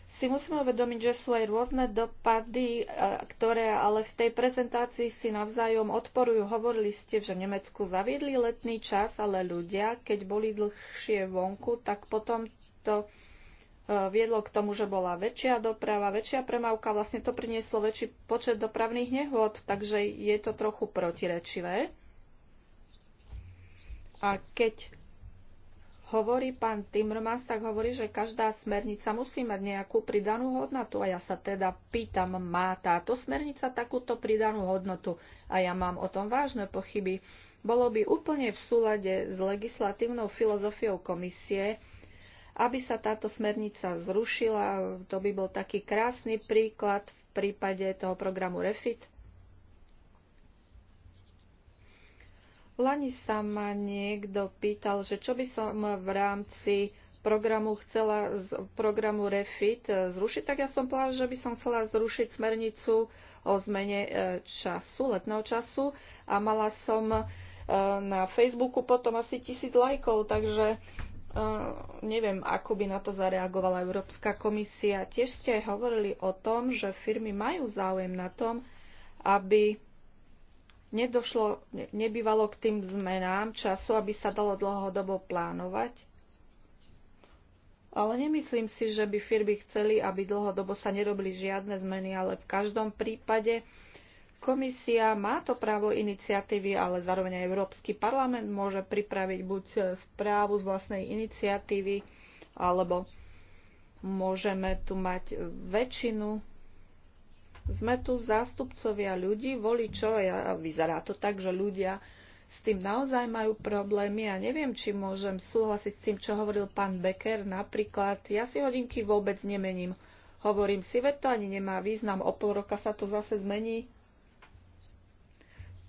si musíme uvedomiť, že sú aj rôzne dopady, e, ktoré ale v tej prezentácii si navzájom odporujú. Hovorili ste, že v Nemecku zaviedli letný čas, ale ľudia, keď boli dlhšie vonku, tak potom to E, viedlo k tomu, že bola väčšia doprava, väčšia premávka, vlastne to prinieslo väčší počet dopravných nehôd, takže je to trochu protirečivé. A keď hovorí pán Timmermans, tak hovorí, že každá smernica musí mať nejakú pridanú hodnotu. A ja sa teda pýtam, má táto smernica takúto pridanú hodnotu? A ja mám o tom vážne pochyby. Bolo by úplne v súlade s legislatívnou filozofiou komisie, aby sa táto smernica zrušila. To by bol taký krásny príklad v prípade toho programu REFIT. V Lani sa ma niekto pýtal, že čo by som v rámci programu chcela z programu REFIT e, zrušiť, tak ja som povedala, že by som chcela zrušiť smernicu o zmene e, času, letného času a mala som e, na Facebooku potom asi tisíc lajkov, takže Eh, neviem, ako by na to zareagovala Európska komisia. Tiež ste aj hovorili o tom, že firmy majú záujem na tom, aby nedošlo, nebývalo k tým zmenám času, aby sa dalo dlhodobo plánovať. Ale nemyslím si, že by firmy chceli, aby dlhodobo sa nerobili žiadne zmeny, ale v každom prípade Komisia má to právo iniciatívy, ale zároveň aj Európsky parlament môže pripraviť buď správu z vlastnej iniciatívy, alebo môžeme tu mať väčšinu. Sme tu zástupcovia ľudí, voličov a vyzerá to tak, že ľudia s tým naozaj majú problémy a ja neviem, či môžem súhlasiť s tým, čo hovoril pán Becker. Napríklad, ja si hodinky vôbec nemením. Hovorím si, veď to ani nemá význam, o pol roka sa to zase zmení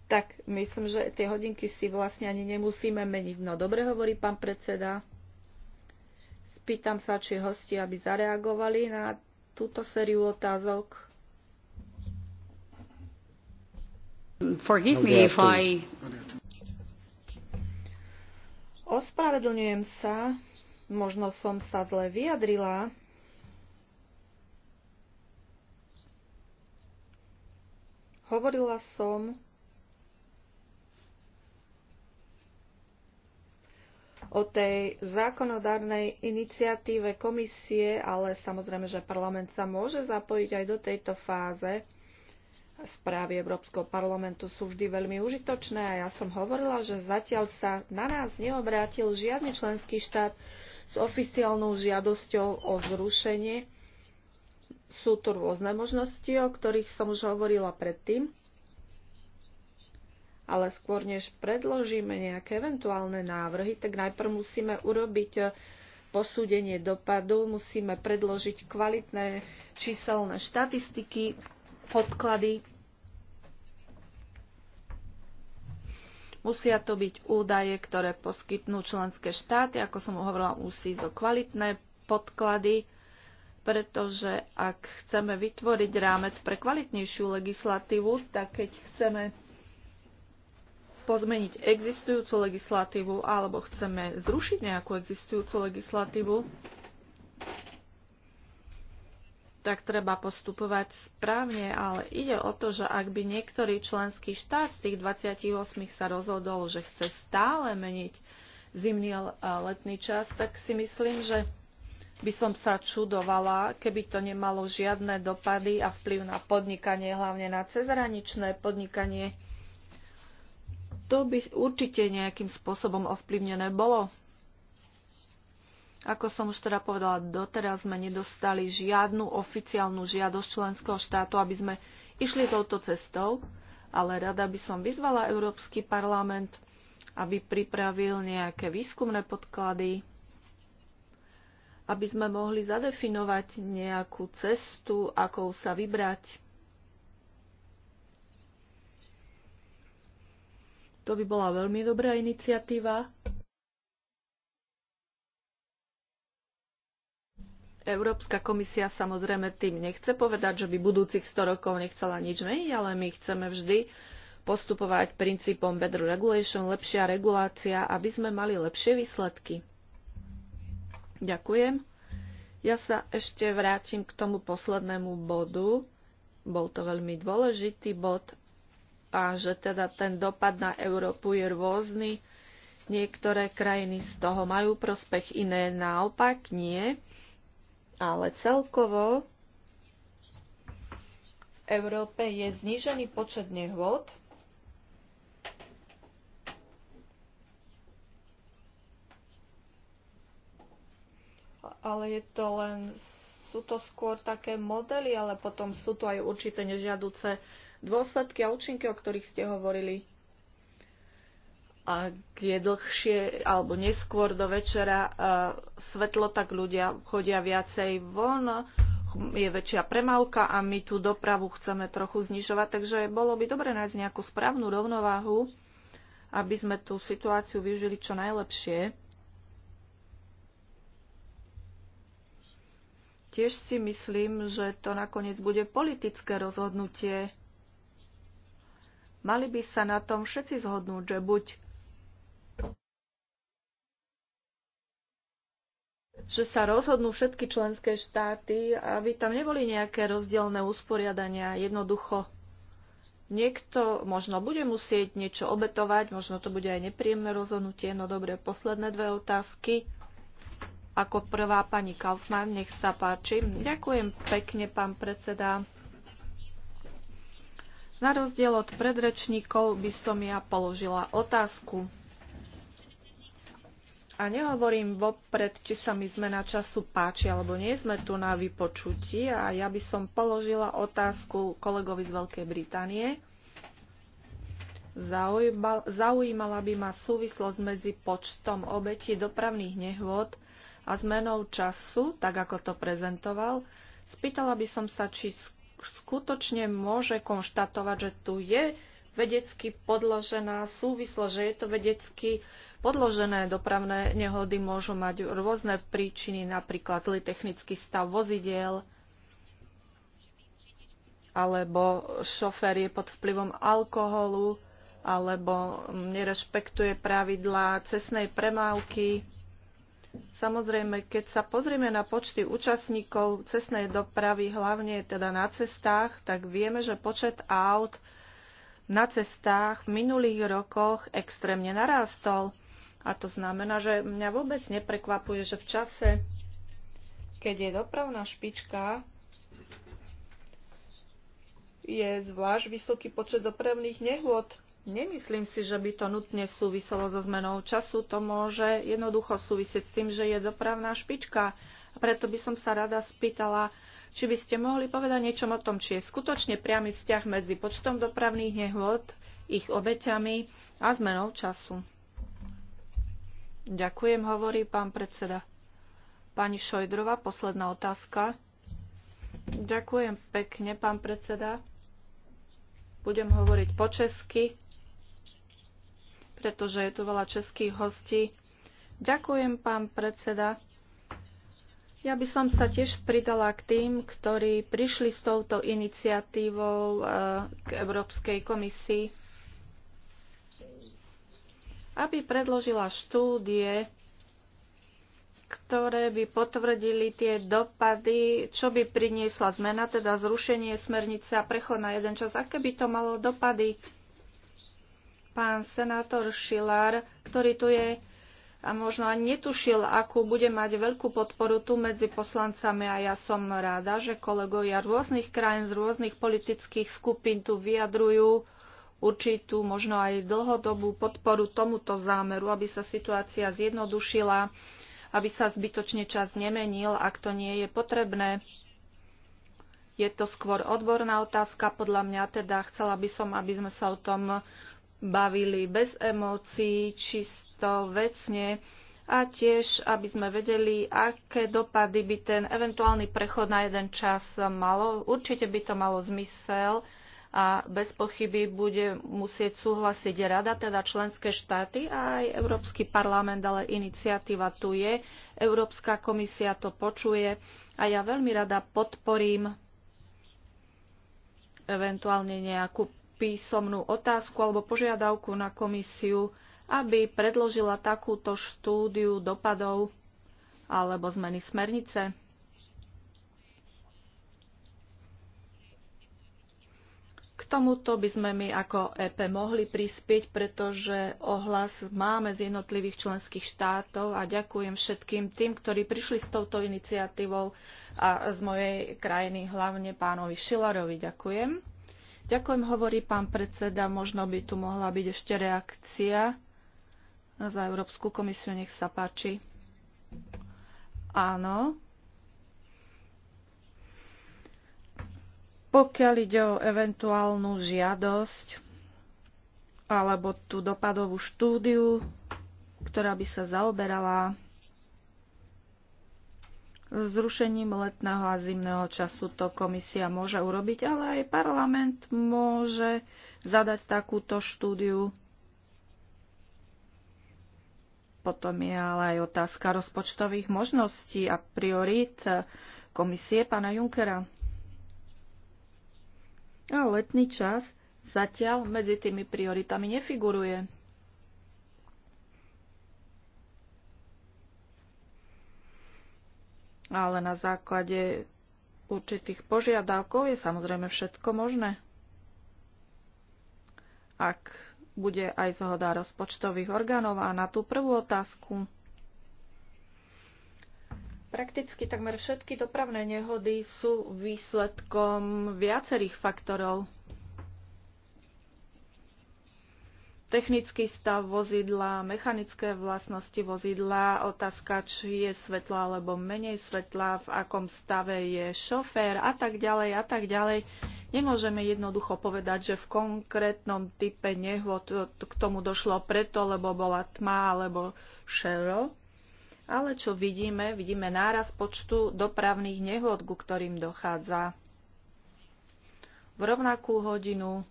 tak myslím, že tie hodinky si vlastne ani nemusíme meniť. No dobre hovorí pán predseda. Spýtam sa, či hosti, aby zareagovali na túto sériu otázok. Forgive no, me if I... Ospravedlňujem sa, možno som sa zle vyjadrila. Hovorila som o tej zákonodárnej iniciatíve komisie, ale samozrejme, že parlament sa môže zapojiť aj do tejto fáze. Správy Európskeho parlamentu sú vždy veľmi užitočné a ja som hovorila, že zatiaľ sa na nás neobrátil žiadny členský štát s oficiálnou žiadosťou o zrušenie. Sú tu rôzne možnosti, o ktorých som už hovorila predtým ale skôr než predložíme nejaké eventuálne návrhy, tak najprv musíme urobiť eh, posúdenie dopadu, musíme predložiť kvalitné číselné štatistiky, podklady. Musia to byť údaje, ktoré poskytnú členské štáty, ako som hovorila, musí zo kvalitné podklady, pretože ak chceme vytvoriť rámec pre kvalitnejšiu legislatívu, tak keď chceme pozmeniť existujúcu legislatívu alebo chceme zrušiť nejakú existujúcu legislatívu, tak treba postupovať správne, ale ide o to, že ak by niektorý členský štát z tých 28 sa rozhodol, že chce stále meniť zimný a letný čas, tak si myslím, že by som sa čudovala, keby to nemalo žiadne dopady a vplyv na podnikanie, hlavne na cezhraničné podnikanie to by určite nejakým spôsobom ovplyvnené bolo. Ako som už teda povedala, doteraz sme nedostali žiadnu oficiálnu žiadosť členského štátu, aby sme išli touto cestou, ale rada by som vyzvala Európsky parlament, aby pripravil nejaké výskumné podklady, aby sme mohli zadefinovať nejakú cestu, akou sa vybrať To by bola veľmi dobrá iniciatíva. Európska komisia samozrejme tým nechce povedať, že by budúcich 100 rokov nechcela nič meniť, ale my chceme vždy postupovať princípom better regulation, lepšia regulácia, aby sme mali lepšie výsledky. Ďakujem. Ja sa ešte vrátim k tomu poslednému bodu. Bol to veľmi dôležitý bod a že teda ten dopad na Európu je rôzny. Niektoré krajiny z toho majú prospech, iné naopak nie. Ale celkovo v Európe je znížený počet nehôd. Ale je to len, sú to skôr také modely, ale potom sú tu aj určité nežiaduce dôsledky a účinky, o ktorých ste hovorili. Ak je dlhšie alebo neskôr do večera e, svetlo, tak ľudia chodia viacej von, je väčšia premávka a my tú dopravu chceme trochu znižovať, takže bolo by dobre nájsť nejakú správnu rovnováhu, aby sme tú situáciu využili čo najlepšie. Tiež si myslím, že to nakoniec bude politické rozhodnutie Mali by sa na tom všetci zhodnúť, že buď že sa rozhodnú všetky členské štáty, aby tam neboli nejaké rozdielne usporiadania. Jednoducho niekto možno bude musieť niečo obetovať, možno to bude aj nepríjemné rozhodnutie. No dobre, posledné dve otázky. Ako prvá pani Kaufmann, nech sa páči. Ďakujem pekne, pán predseda. Na rozdiel od predrečníkov by som ja položila otázku. A nehovorím vopred, či sa mi zmena času páči, alebo nie sme tu na vypočutí. A ja by som položila otázku kolegovi z Veľkej Británie. Zaujímala by ma súvislosť medzi počtom obetí dopravných nehôd a zmenou času, tak ako to prezentoval. Spýtala by som sa, či skutočne môže konštatovať, že tu je vedecky podložená súvislosť, že je to vedecky podložené. Dopravné nehody môžu mať rôzne príčiny, napríklad zlý technický stav vozidiel, alebo šofér je pod vplyvom alkoholu, alebo nerešpektuje pravidlá cestnej premávky Samozrejme, keď sa pozrieme na počty účastníkov cestnej dopravy, hlavne teda na cestách, tak vieme, že počet aut na cestách v minulých rokoch extrémne narástol. A to znamená, že mňa vôbec neprekvapuje, že v čase, keď je dopravná špička, je zvlášť vysoký počet dopravných nehôd Nemyslím si, že by to nutne súviselo so zmenou času. To môže jednoducho súvisieť s tým, že je dopravná špička. A preto by som sa rada spýtala, či by ste mohli povedať niečo o tom, či je skutočne priamy vzťah medzi počtom dopravných nehôd, ich obeťami a zmenou času. Ďakujem, hovorí pán predseda. Pani Šojdrova, posledná otázka. Ďakujem pekne, pán predseda. Budem hovoriť po česky pretože je tu veľa českých hostí. Ďakujem, pán predseda. Ja by som sa tiež pridala k tým, ktorí prišli s touto iniciatívou e, k Európskej komisii, aby predložila štúdie, ktoré by potvrdili tie dopady, čo by priniesla zmena, teda zrušenie smernice a prechod na jeden čas. Aké by to malo dopady? pán senátor Šilár, ktorý tu je a možno ani netušil, akú bude mať veľkú podporu tu medzi poslancami a ja som ráda, že kolegovia rôznych krajín z rôznych politických skupín tu vyjadrujú určitú, možno aj dlhodobú podporu tomuto zámeru, aby sa situácia zjednodušila, aby sa zbytočne čas nemenil, ak to nie je potrebné. Je to skôr odborná otázka, podľa mňa teda chcela by som, aby sme sa o tom bavili bez emócií, čisto vecne a tiež, aby sme vedeli, aké dopady by ten eventuálny prechod na jeden čas malo. Určite by to malo zmysel a bez pochyby bude musieť súhlasiť rada, teda členské štáty a aj Európsky parlament, ale iniciatíva tu je. Európska komisia to počuje a ja veľmi rada podporím eventuálne nejakú písomnú otázku alebo požiadavku na komisiu, aby predložila takúto štúdiu dopadov alebo zmeny smernice. K tomuto by sme my ako EP mohli prispieť, pretože ohlas máme z jednotlivých členských štátov a ďakujem všetkým tým, ktorí prišli s touto iniciatívou a z mojej krajiny hlavne pánovi Šilarovi ďakujem. Ďakujem, hovorí pán predseda. Možno by tu mohla byť ešte reakcia za Európsku komisiu. Nech sa páči. Áno. Pokiaľ ide o eventuálnu žiadosť alebo tú dopadovú štúdiu, ktorá by sa zaoberala Zrušením letného a zimného času to komisia môže urobiť, ale aj parlament môže zadať takúto štúdiu. Potom je ale aj otázka rozpočtových možností a priorít komisie pána Junkera. A letný čas zatiaľ medzi tými prioritami nefiguruje. ale na základe určitých požiadavkov je samozrejme všetko možné. Ak bude aj zhoda rozpočtových orgánov a na tú prvú otázku. Prakticky takmer všetky dopravné nehody sú výsledkom viacerých faktorov. technický stav vozidla, mechanické vlastnosti vozidla, otázka, či je svetla alebo menej svetla, v akom stave je šofér a tak ďalej a tak ďalej. Nemôžeme jednoducho povedať, že v konkrétnom type nehôd k tomu došlo preto, lebo bola tma alebo šero. Ale čo vidíme? Vidíme náraz počtu dopravných nehôd, ku ktorým dochádza. V rovnakú hodinu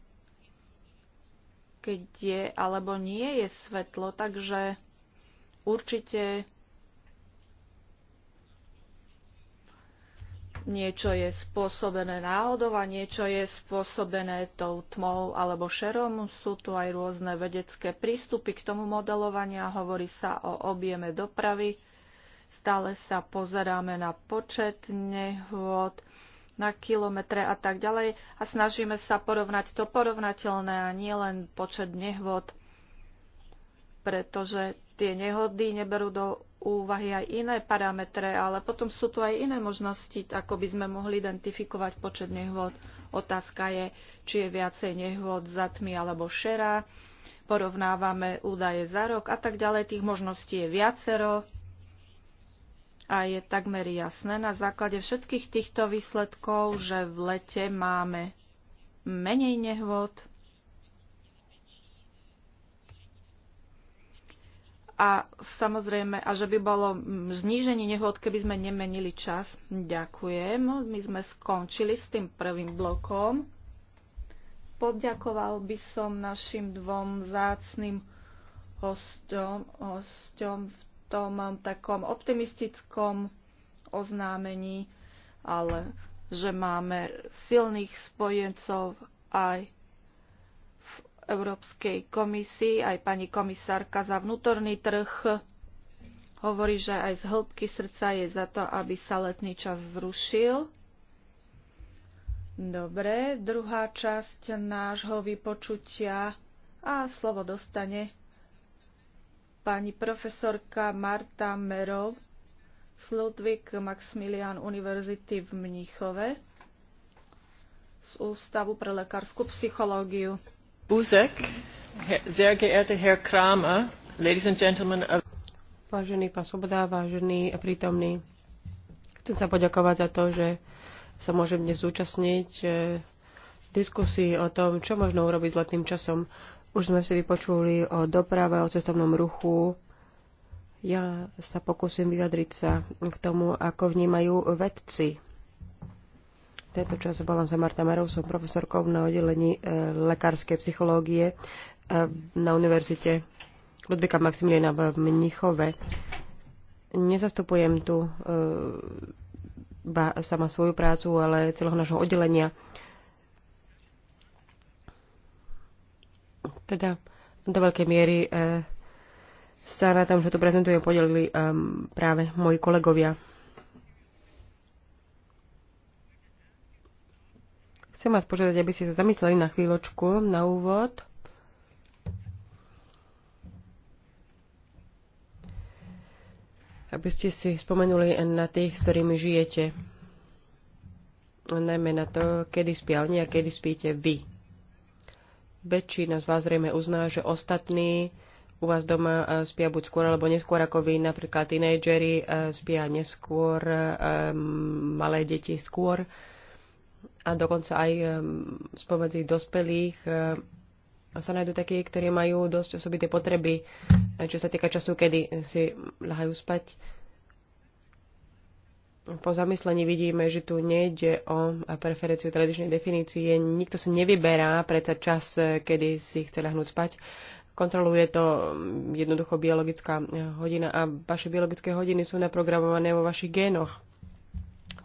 keď je alebo nie je svetlo, takže určite niečo je spôsobené náhodou a niečo je spôsobené tou tmou alebo šerom. Sú tu aj rôzne vedecké prístupy k tomu modelovania. Hovorí sa o objeme dopravy. Stále sa pozeráme na počet nehôd, na kilometre a tak ďalej a snažíme sa porovnať to porovnateľné a nie len počet nehôd, pretože tie nehody neberú do úvahy aj iné parametre, ale potom sú tu aj iné možnosti, ako by sme mohli identifikovať počet nehôd. Otázka je, či je viacej nehôd za tmy alebo šera. Porovnávame údaje za rok a tak ďalej. Tých možností je viacero. A je takmer jasné na základe všetkých týchto výsledkov, že v lete máme menej nehôd a samozrejme, a že by bolo zníženie nehôd, keby sme nemenili čas. Ďakujem. My sme skončili s tým prvým blokom. Poďakoval by som našim dvom zácným hostom, hostom v tom takom optimistickom oznámení, ale že máme silných spojencov aj v Európskej komisii, aj pani komisárka za vnútorný trh hovorí, že aj z hĺbky srdca je za to, aby sa letný čas zrušil. Dobre, druhá časť nášho vypočutia a slovo dostane pani profesorka Marta Merov z Ludwig Maximilian University v Mnichove z Ústavu pre lekárskú psychológiu. Buzek, sehr geehrte Herr Kramer, ladies and gentlemen of... Uh, vážený pán Svoboda, vážený a prítomný, chcem sa poďakovať za to, že sa môžem dnes zúčastniť eh, diskusii o tom, čo možno urobiť s letným časom. Už sme si vypočuli o doprave, o cestovnom ruchu. Ja sa pokúsim vyjadriť sa k tomu, ako vnímajú vedci tento čas volám sa Marta Merov, som profesorkou na oddelení e, lekárskej psychológie e, na Univerzite Ludvika Maximiliana v Mnichove. Nezastupujem tu e, ba, sama svoju prácu, ale celého našho oddelenia. teda do veľkej miery e, sa na tom, že tu prezentujem, podelili e, práve moji kolegovia. Chcem vás požiadať, aby ste sa zamysleli na chvíľočku, na úvod. Aby ste si spomenuli na tých, s ktorými žijete. a Najmä na to, kedy spia oni a kedy spíte vy väčšina z vás zrejme uzná, že ostatní u vás doma e, spia buď skôr alebo neskôr ako vy, napríklad tínejdžeri e, spia neskôr, e, malé deti skôr a dokonca aj spomedzi dospelých sa nájdú takí, ktorí majú dosť osobité potreby, čo sa týka času, kedy si ľahajú spať po zamyslení vidíme, že tu nejde o preferenciu tradičnej definície. Nikto si nevyberá predsa čas, kedy si chce ľahnúť spať. Kontroluje to mm, jednoducho biologická hodina a vaše biologické hodiny sú naprogramované vo vašich génoch.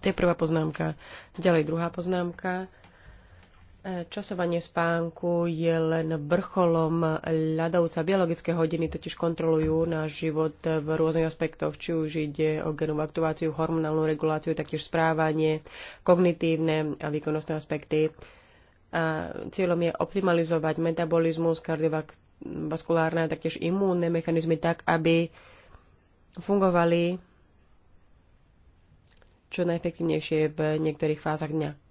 To je prvá poznámka. Ďalej druhá poznámka. Časovanie spánku je len vrcholom ľadovca. Biologické hodiny totiž kontrolujú náš život v rôznych aspektoch, či už ide o genovú aktiváciu, hormonálnu reguláciu, taktiež správanie, kognitívne a výkonnostné aspekty. A cieľom je optimalizovať metabolizmus, kardiovaskulárne a taktiež imúnne mechanizmy tak, aby fungovali čo najefektívnejšie v niektorých fázach dňa.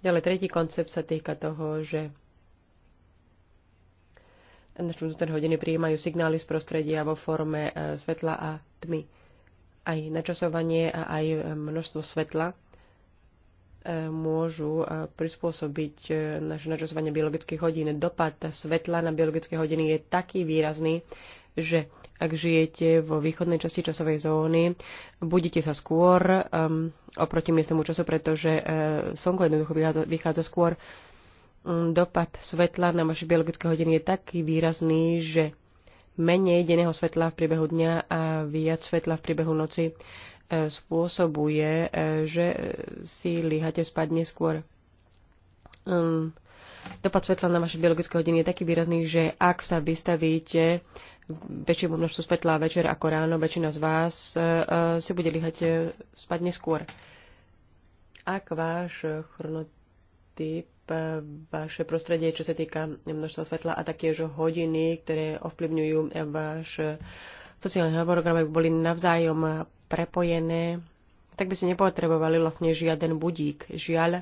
Ďalej tretí koncept sa týka toho, že na teda hodiny prijímajú signály z prostredia vo forme e, svetla a tmy. Aj načasovanie a aj množstvo svetla e, môžu e, prispôsobiť naše načasovanie biologických hodín. Dopad svetla na biologické hodiny je taký výrazný, že ak žijete vo východnej časti časovej zóny, budete sa skôr um, oproti miestnemu času, pretože uh, slnko jednoducho vychádza, vychádza skôr. Um, dopad svetla na vaše biologické hodiny je taký výrazný, že menej denného svetla v priebehu dňa a viac svetla v priebehu noci uh, spôsobuje, uh, že uh, si líhate spať neskôr. Um, dopad svetla na vaše biologické hodiny je taký výrazný, že ak sa vystavíte väčšiemu množstvu svetla večer ako ráno, väčšina z vás e, e, si bude líhať e, spať neskôr. Ak váš chronotyp, vaše prostredie, čo sa týka množstva svetla a taktiež hodiny, ktoré ovplyvňujú váš sociálny harmonogram, by boli navzájom prepojené, tak by ste nepotrebovali vlastne žiaden budík. Žiaľ,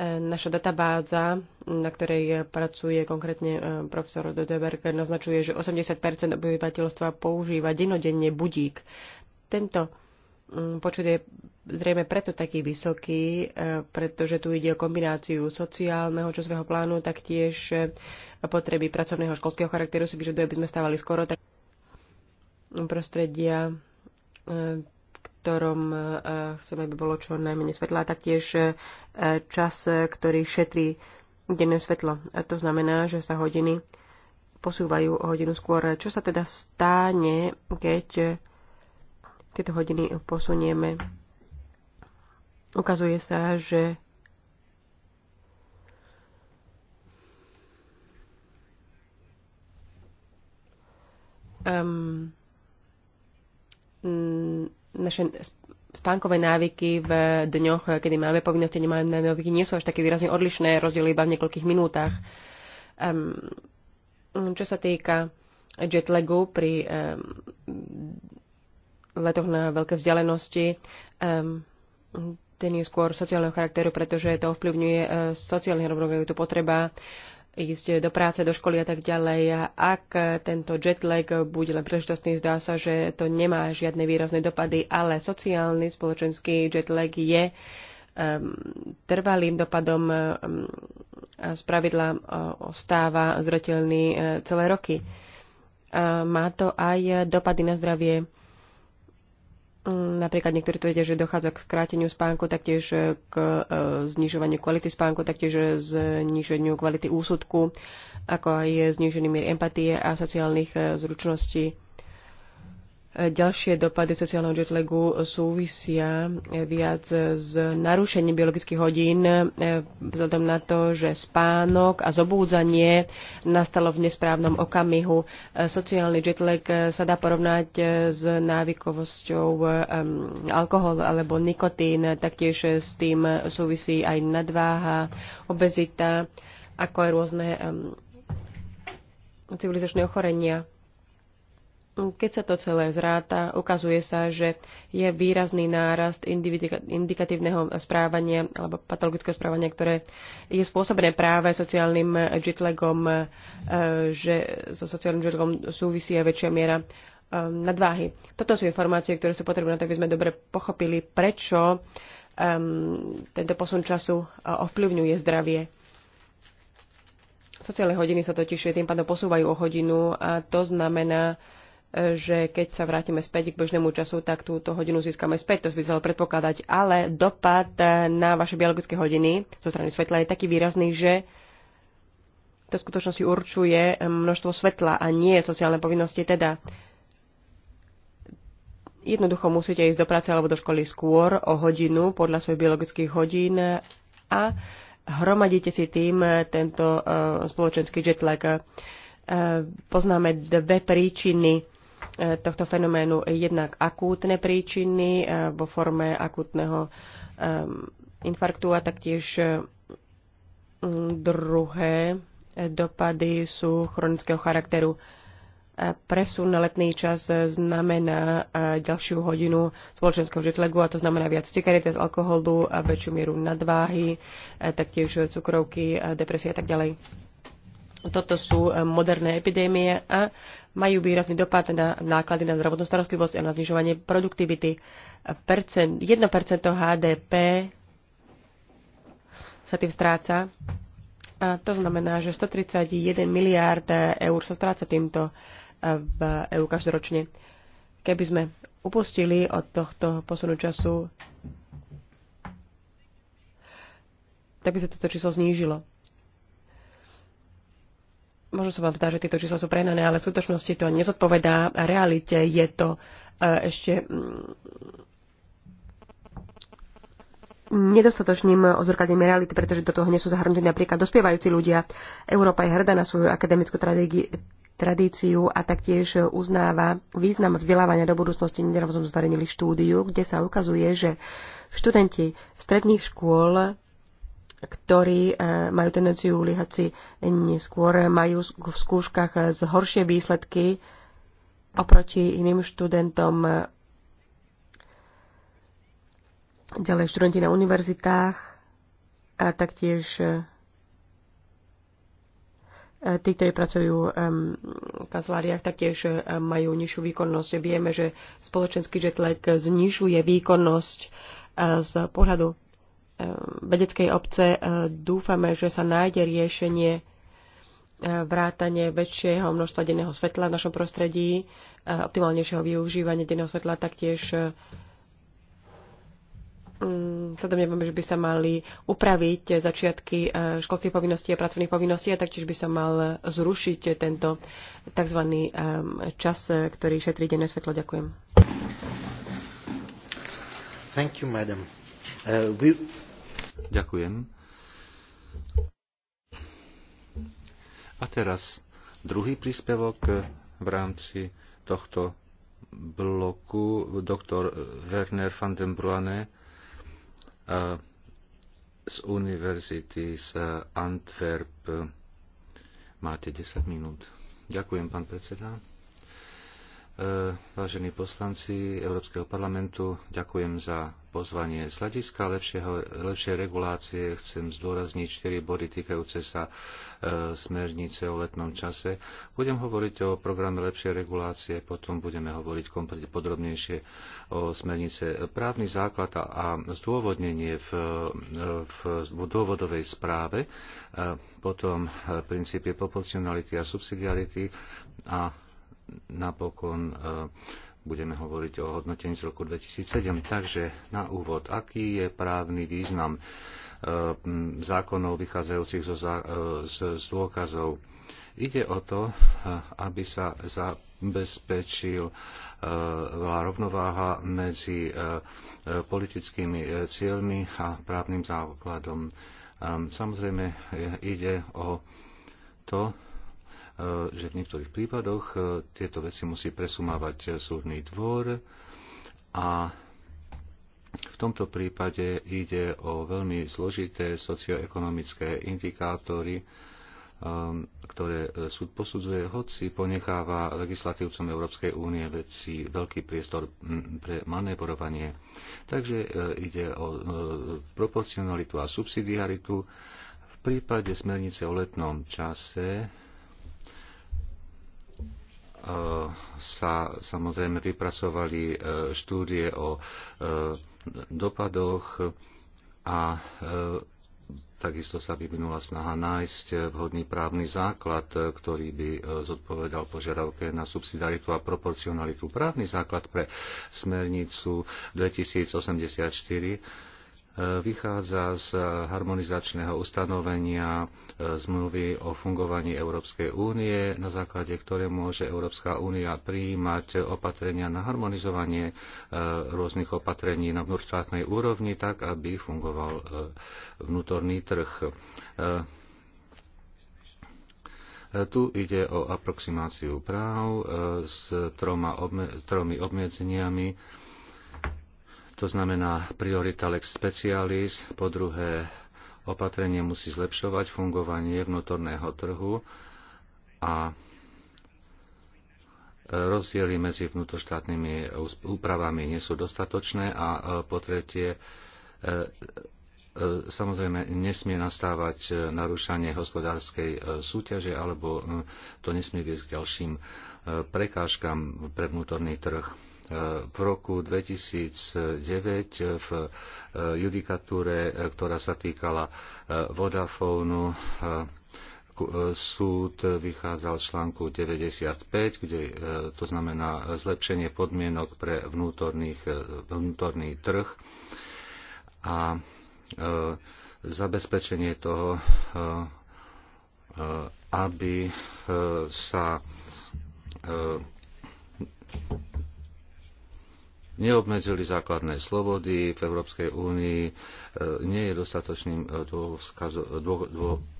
Naša databáza, na ktorej pracuje konkrétne e, profesor Dodeberg, naznačuje, že 80 obyvateľstva používa denodenne budík. Tento mm, počet je zrejme preto taký vysoký, e, pretože tu ide o kombináciu sociálneho časového plánu, taktiež e, potreby pracovného školského charakteru si vyžaduje, aby sme stávali skoro tak prostredia ktorom e, chceme, aby bolo čo najmenej svetla a taktiež e, čas, ktorý šetrí denné svetlo. A to znamená, že sa hodiny posúvajú o hodinu skôr. Čo sa teda stane, keď e, tieto hodiny posunieme? Ukazuje sa, že um, um, naše spánkové návyky v dňoch, kedy máme povinnosti, nemáme návyky, nie sú až také výrazne odlišné, rozdiely iba v niekoľkých minútach. Um, čo sa týka jetlagu pri um, letoch na veľké vzdialenosti, um, ten je skôr sociálneho charakteru, pretože to ovplyvňuje uh, eh, sociálne rovnováhu, je to potreba ísť do práce, do školy a tak ďalej. Ak tento lag bude len príležitostný, zdá sa, že to nemá žiadne výrazné dopady, ale sociálny, spoločenský jet lag je um, trvalým dopadom um, z pravidla uh, ostáva zretelný uh, celé roky. Uh, má to aj dopady na zdravie Napríklad niektorí tvrdia, že dochádza k skráteniu spánku, taktiež e, k e, znižovaniu kvality spánku, taktiež e, zniženiu kvality úsudku, ako aj znižený mier empatie a sociálnych zručností. Ďalšie dopady sociálneho jetlagu súvisia viac s narušením biologických hodín e, vzhľadom na to, že spánok a zobúdzanie nastalo v nesprávnom okamihu. E, sociálny jetlag e, sa dá porovnať s návykovosťou alkohol alebo nikotín, taktiež s tým súvisí aj nadváha, obezita, ako aj rôzne civilizačné ochorenia keď sa to celé zráta, ukazuje sa, že je výrazný nárast indikatívneho správania alebo patologického správania, ktoré je spôsobené práve sociálnym jetlagom, e, že so sociálnym jetlagom súvisí aj väčšia miera e, nadváhy. Toto sú informácie, ktoré sú potrebné, tak aby sme dobre pochopili, prečo um, tento posun času e, ovplyvňuje zdravie. Sociálne hodiny sa totiž tým pádom posúvajú o hodinu a to znamená, že keď sa vrátime späť k bežnému času, tak túto hodinu získame späť, to by sa predpokladať, ale dopad na vaše biologické hodiny zo strany svetla je taký výrazný, že to v skutočnosti určuje množstvo svetla a nie sociálne povinnosti. Teda jednoducho musíte ísť do práce alebo do školy skôr o hodinu podľa svojich biologických hodín a hromadíte si tým tento eh, spoločenský jetlag. Eh, poznáme dve príčiny E, tohto fenoménu jednak akútne príčiny e, vo forme akútneho infarktu a taktiež e, druhé dopady sú chronického charakteru. Presun na letný čas znamená ďalšiu hodinu spoločenského žetlegu a to znamená viac cigaret, viac alkoholu, a väčšiu mieru nadváhy, taktiež cukrovky, depresie a tak ďalej. Toto sú moderné epidémie a majú výrazný dopad na náklady na zdravotnú starostlivosť a na znižovanie produktivity. 1% HDP sa tým stráca. A to znamená, že 131 miliárd eur sa stráca týmto e, v EU každoročne. Keby sme upustili od tohto posunu času, tak by sa toto číslo znížilo. Možno sa vám zdá, že tieto čísla sú prehnané, ale v skutočnosti to nezodpovedá a realite. Je to e, ešte mm, nedostatočným ozorkadením reality, pretože do toho nie sú zahrnutí napríklad dospievajúci ľudia. Európa je hrdá na svoju akademickú tradíciu a taktiež uznáva význam vzdelávania do budúcnosti. Nedávno zverejnili štúdiu, kde sa ukazuje, že študenti stredných škôl ktorí e, majú tendenciu liehať si neskôr, majú v skúškach zhoršie výsledky oproti iným študentom. Ďalej študenti na univerzitách a taktiež e, tí, ktorí pracujú v kanceláriách, taktiež e, majú nižšiu výkonnosť. Vieme, že spoločenský jetlag znižuje výkonnosť z pohľadu vedeckej obce e, dúfame, že sa nájde riešenie e, vrátanie väčšieho množstva denného svetla v našom prostredí, e, optimálnejšieho využívania denného svetla, taktiež teda domnievame, že by sa mali upraviť začiatky školských povinností a pracovných povinností a taktiež by sa mal zrušiť tento tzv. čas, ktorý šetrí denné svetlo. Ďakujem. Thank you, madam. Uh, we... Ďakujem. A teraz druhý príspevok v rámci tohto bloku doktor Werner van den Bruane z Univerzity z Antwerp. Máte 10 minút. Ďakujem, pán predseda. E, vážení poslanci Európskeho parlamentu, ďakujem za pozvanie. Z hľadiska lepšej regulácie chcem zdôrazniť štyri body týkajúce sa e, smernice o letnom čase. Budem hovoriť o programe lepšej regulácie, potom budeme hovoriť podrobnejšie o smernice. Právny základ a zdôvodnenie v, e, v, dôvodovej správe, potom princípy proporcionality a subsidiarity a napokon e, budeme hovoriť o hodnotení z roku 2007. Takže na úvod, aký je právny význam e, zákonov vychádzajúcich zo, e, z, z dôkazov? Ide o to, aby sa zabezpečil rovnováha medzi politickými cieľmi a právnym základom. Samozrejme, ide o to, E, že v niektorých prípadoch e, tieto veci musí presumávať e, súdny dvor a v tomto prípade ide o veľmi zložité socioekonomické indikátory, ktoré súd posudzuje, hoci ponecháva legislatívcom Európskej únie veci veľký priestor pre manévorovanie. Takže ide o proporcionalitu a subsidiaritu. V prípade smernice o letnom čase sa samozrejme vypracovali e, štúdie o e, dopadoch a e, takisto sa vyvinula snaha nájsť vhodný právny základ, ktorý by zodpovedal požiadavke na subsidiaritu a proporcionalitu. Právny základ pre smernicu 2084 E, vychádza z harmonizačného ustanovenia e, zmluvy o fungovaní Európskej únie, na základe ktoré môže Európska únia prijímať opatrenia na harmonizovanie e, rôznych opatrení na vnútorštátnej úrovni, tak aby fungoval vnútorný trh. Tu ide o aproximáciu práv s troma obme- tromi obmedzeniami to znamená priorita lex specialis, po druhé opatrenie musí zlepšovať fungovanie vnútorného trhu a e, rozdiely medzi vnútroštátnymi úpravami nie sú dostatočné a e, po tretie e, samozrejme nesmie nastávať narúšanie hospodárskej súťaže alebo to nesmie viesť k ďalším prekážkam pre vnútorný trh v roku 2009 v eh, judikatúre, eh, ktorá sa týkala eh, Vodafónu, súd vychádzal z článku 95, kde to znamená zlepšenie podmienok pre vnútorný trh a zabezpečenie toho, aby sa neobmedzili základné slobody v Európskej únii, e, nie je dostatočným e,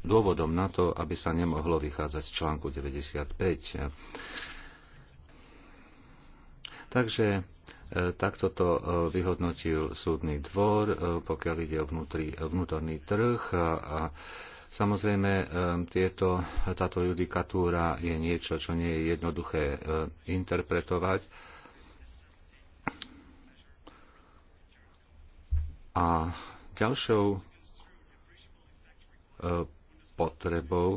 dôvodom na to, aby sa nemohlo vychádzať z článku 95. Takže e, Takto to vyhodnotil súdny dvor, pokiaľ ide o vnútri, vnútorný trh. A samozrejme, tieto, táto judikatúra je niečo, čo nie je jednoduché interpretovať A ďalšou e, potrebou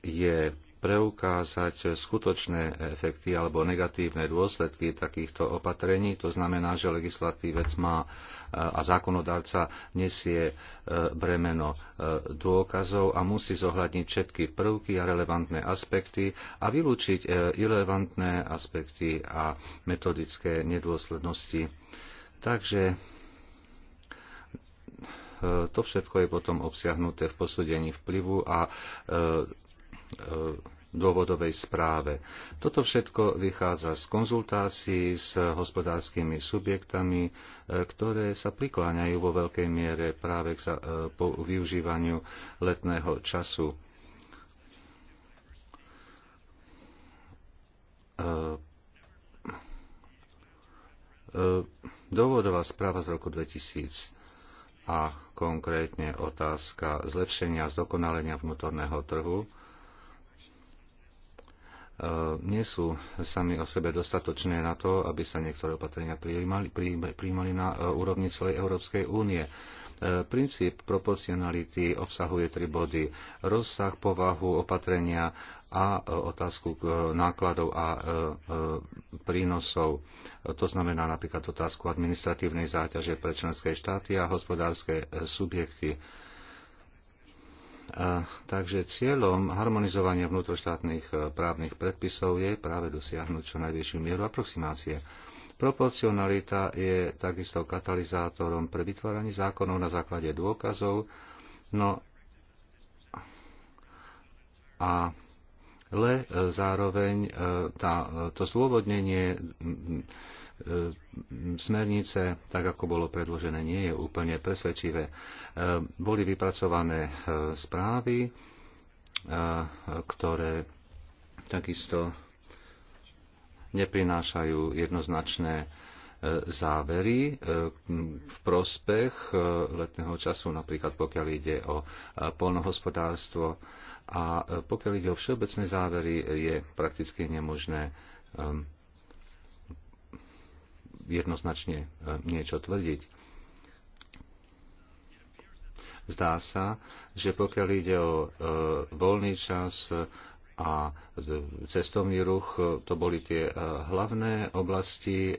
je preukázať skutočné efekty alebo negatívne dôsledky takýchto opatrení. To znamená, že legislatívec má e, a zákonodárca nesie e, bremeno dôkazov a musí zohľadniť všetky prvky a relevantné aspekty a vylúčiť irrelevantné aspekty a metodické nedôslednosti Takže e, to všetko je potom obsiahnuté v posúdení vplyvu a e, e, dôvodovej správe. Toto všetko vychádza z konzultácií s hospodárskymi subjektami, ktoré sa prikláňajú vo veľkej miere práve k po využívaniu letného času. Uh, uh, Dôvodová správa z roku 2000 a konkrétne otázka zlepšenia a zdokonalenia vnútorného trhu e, nie sú sami o sebe dostatočné na to, aby sa niektoré opatrenia prijímali, prijímali na e, úrovni celej Európskej únie. E, princíp proporcionality obsahuje tri body. Rozsah, povahu opatrenia a e, otázku e, nákladov a prínosov. To znamená napríklad otázku administratívnej záťaže pre členské štáty a hospodárske subjekty. Takže cieľom harmonizovania vnútroštátnych právnych predpisov je práve dosiahnuť čo najvyššiu mieru aproximácie Proporcionalita je takisto katalizátorom pre vytváranie zákonov na základe dôkazov. No a le e, zároveň e, tá, e, to zdôvodnenie smernice, tak ako bolo predložené, nie je úplne presvedčivé. Boli vypracované správy, ktoré takisto neprinášajú jednoznačné e, závery e, v prospech e, letného času, napríklad pokiaľ ide o polnohospodárstvo. A pokiaľ ide o všeobecné závery, je prakticky nemožné jednoznačne niečo tvrdiť. Zdá sa, že pokiaľ ide o voľný čas, a cestovný ruch, e, to boli tie e, hlavné oblasti, e,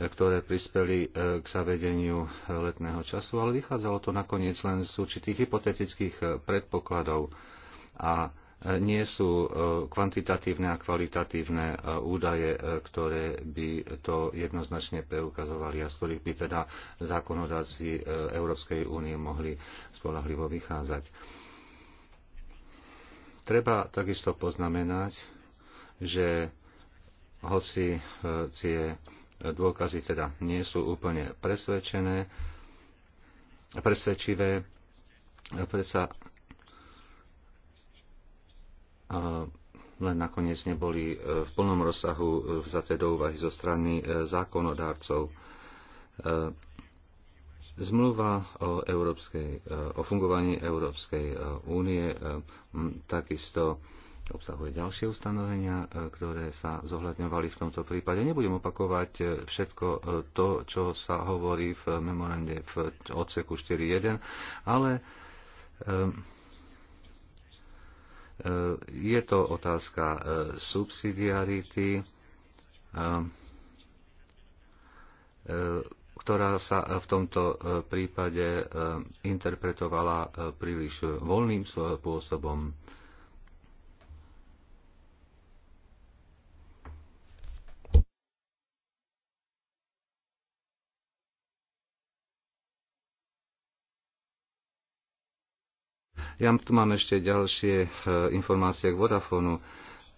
ktoré prispeli k zavedeniu letného času, ale vychádzalo to nakoniec len z určitých hypotetických predpokladov a nie sú kvantitatívne a kvalitatívne údaje, ktoré by to jednoznačne preukazovali a z ktorých by teda zákonodáci Európskej únie mohli spolahlivo vychádzať. Treba takisto poznamenať, že hoci e, tie dôkazy teda nie sú úplne presvedčené, presvedčivé, e, predsa e, len nakoniec neboli v plnom rozsahu vzaté do úvahy zo strany zákonodárcov. Zmluva o, Európskej, eh, o fungovaní Európskej eh, únie eh, takisto obsahuje ďalšie ustanovenia, ktoré sa zohľadňovali v tomto prípade. Nebudem opakovať všetko to, čo sa hovorí v memorande v odseku 4.1, ale je to otázka subsidiarity ktorá sa e, v tomto e, prípade e, interpretovala príliš voľným spôsobom. Ja tu mám ešte ďalšie informácie k Vodafonu,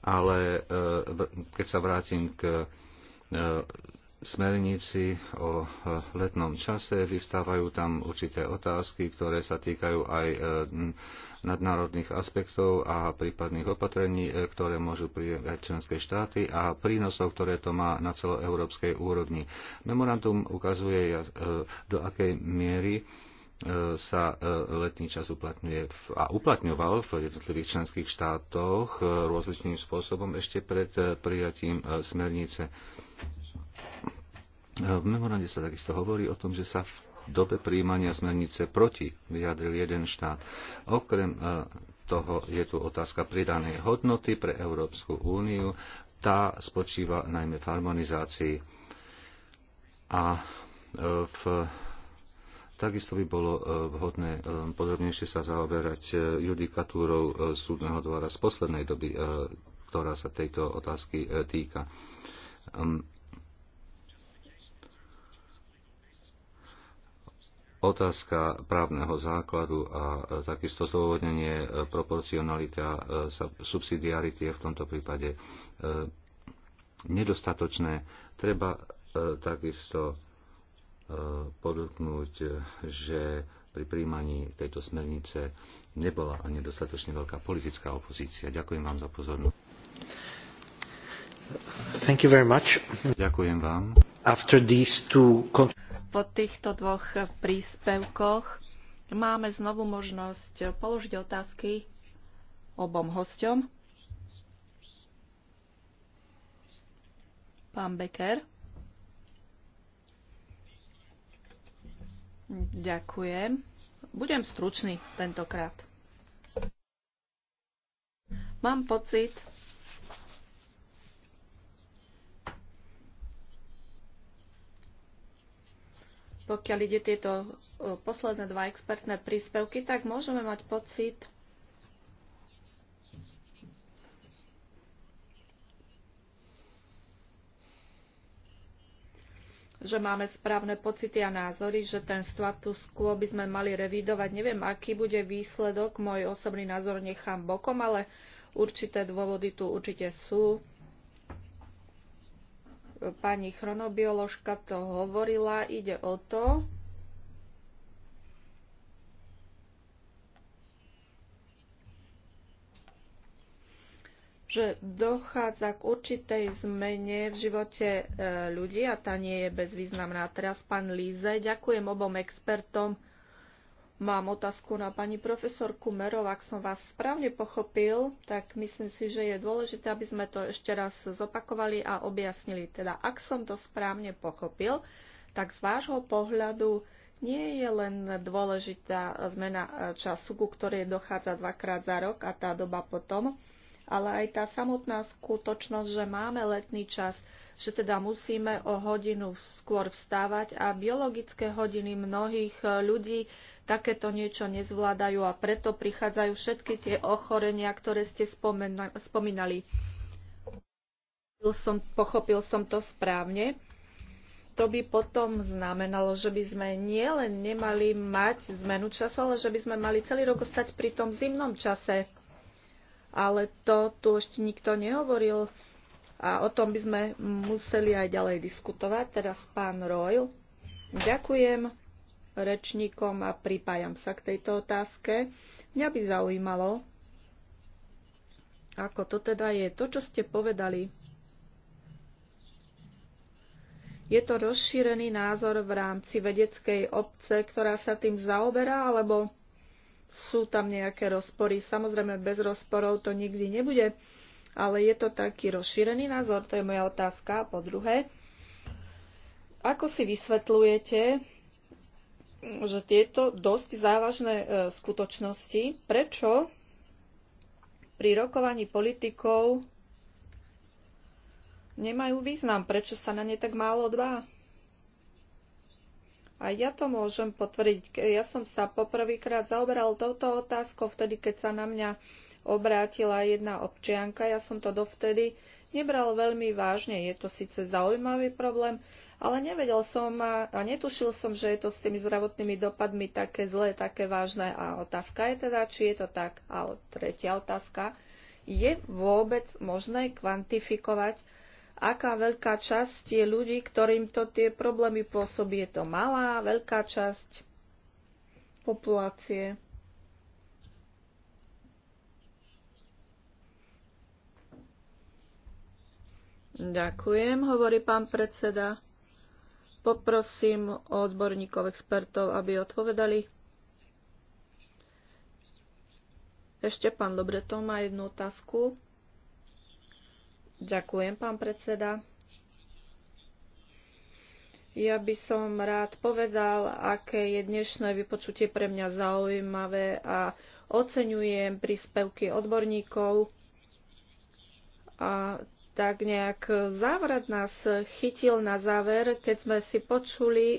ale keď sa vrátim k smernici o e, letnom čase. Vyvstávajú tam určité otázky, ktoré sa týkajú aj e, nadnárodných aspektov a prípadných opatrení, e, ktoré môžu prijať členské štáty a prínosov, ktoré to má na celoeurópskej úrovni. Memorandum ukazuje, do akej miery sa letný čas uplatňuje a uplatňoval v jednotlivých členských štátoch rôzličným spôsobom ešte pred prijatím smernice v memorande sa takisto hovorí o tom, že sa v dobe príjmania smernice proti vyjadril jeden štát. Okrem e, toho je tu otázka pridanej hodnoty pre Európsku úniu. Tá spočíva najmä v harmonizácii. A e, v Takisto by bolo e, vhodné podrobnejšie sa zaoberať judikatúrou súdneho dvora z poslednej doby, ktorá sa tejto otázky týka. Ehm, Otázka právneho základu a takisto zdôvodnenie proporcionalita e, subsidiarity je v tomto prípade e, nedostatočné. Treba e, takisto podotknúť, že pri príjmaní tejto smernice nebola ani dostatočne veľká politická opozícia. Ďakujem vám za pozornosť. Thank you very much. Ďakujem vám. After these two... Po týchto dvoch príspevkoch máme znovu možnosť položiť otázky obom hostom. Pán Becker. Ďakujem. Budem stručný tentokrát. Mám pocit, pokiaľ ide tieto posledné dva expertné príspevky, tak môžeme mať pocit, že máme správne pocity a názory, že ten status quo by sme mali revidovať. Neviem, aký bude výsledok, môj osobný názor nechám bokom, ale určité dôvody tu určite sú. Pani chronobioložka to hovorila, ide o to, že dochádza k určitej zmene v živote e, ľudí a tá nie je bezvýznamná. Teraz pán Líze, ďakujem obom expertom Mám otázku na pani profesorku Merov. Ak som vás správne pochopil, tak myslím si, že je dôležité, aby sme to ešte raz zopakovali a objasnili. Teda, ak som to správne pochopil, tak z vášho pohľadu nie je len dôležitá zmena e, času, ku ktorej dochádza dvakrát za rok a tá doba potom, ale aj tá samotná skutočnosť, že máme letný čas, že teda musíme o hodinu skôr vstávať a biologické hodiny mnohých e, ľudí takéto niečo nezvládajú a preto prichádzajú všetky tie ochorenia, ktoré ste spomínali. Som, pochopil som to správne. To by potom znamenalo, že by sme nielen nemali mať zmenu času, ale že by sme mali celý rok ostať pri tom zimnom čase. Ale to tu ešte nikto nehovoril a o tom by sme museli aj ďalej diskutovať. Teraz pán Royal. Ďakujem rečníkom a pripájam sa k tejto otázke. Mňa by zaujímalo, ako to teda je, to, čo ste povedali. Je to rozšírený názor v rámci vedeckej obce, ktorá sa tým zaoberá, alebo sú tam nejaké rozpory. Samozrejme, bez rozporov to nikdy nebude, ale je to taký rozšírený názor, to je moja otázka. Po druhé, ako si vysvetľujete že tieto dosť závažné e, skutočnosti, prečo pri rokovaní politikov nemajú význam, prečo sa na ne tak málo dbá. A ja to môžem potvrdiť. Ja som sa poprvýkrát zaoberal touto otázkou vtedy, keď sa na mňa obrátila jedna občianka. Ja som to dovtedy nebral veľmi vážne. Je to síce zaujímavý problém, ale nevedel som a netušil som, že je to s tými zdravotnými dopadmi také zlé, také vážne. A otázka je teda, či je to tak. A tretia otázka, je vôbec možné kvantifikovať, aká veľká časť je ľudí, ktorým to tie problémy pôsobí. Je to malá, veľká časť populácie. Ďakujem, hovorí pán predseda. Poprosím o odborníkov, expertov, aby odpovedali. Ešte pán Lobreton má jednu otázku. Ďakujem, pán predseda. Ja by som rád povedal, aké je dnešné vypočutie pre mňa zaujímavé a oceňujem príspevky odborníkov a tak nejak závrat nás chytil na záver, keď sme si počuli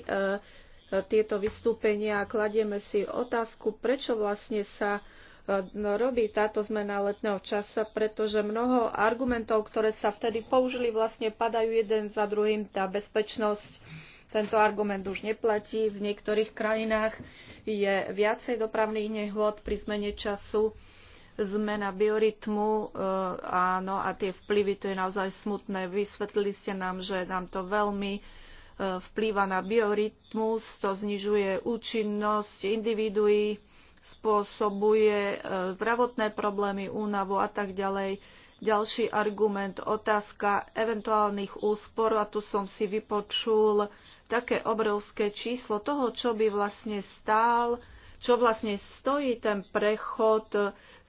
e, e, tieto vystúpenia a kladieme si otázku, prečo vlastne sa e, no, robí táto zmena letného časa, pretože mnoho argumentov, ktoré sa vtedy použili, vlastne padajú jeden za druhým. Tá bezpečnosť, tento argument už neplatí. V niektorých krajinách je viacej dopravných nehôd pri zmene času zmena biorytmu, e, áno, a tie vplyvy, to je naozaj smutné. Vysvetlili ste nám, že nám to veľmi e, vplýva na biorytmus, to znižuje účinnosť individuí, spôsobuje e, zdravotné problémy, únavu a tak ďalej. Ďalší argument, otázka eventuálnych úspor, a tu som si vypočul také obrovské číslo toho, čo by vlastne stál, čo vlastne stojí ten prechod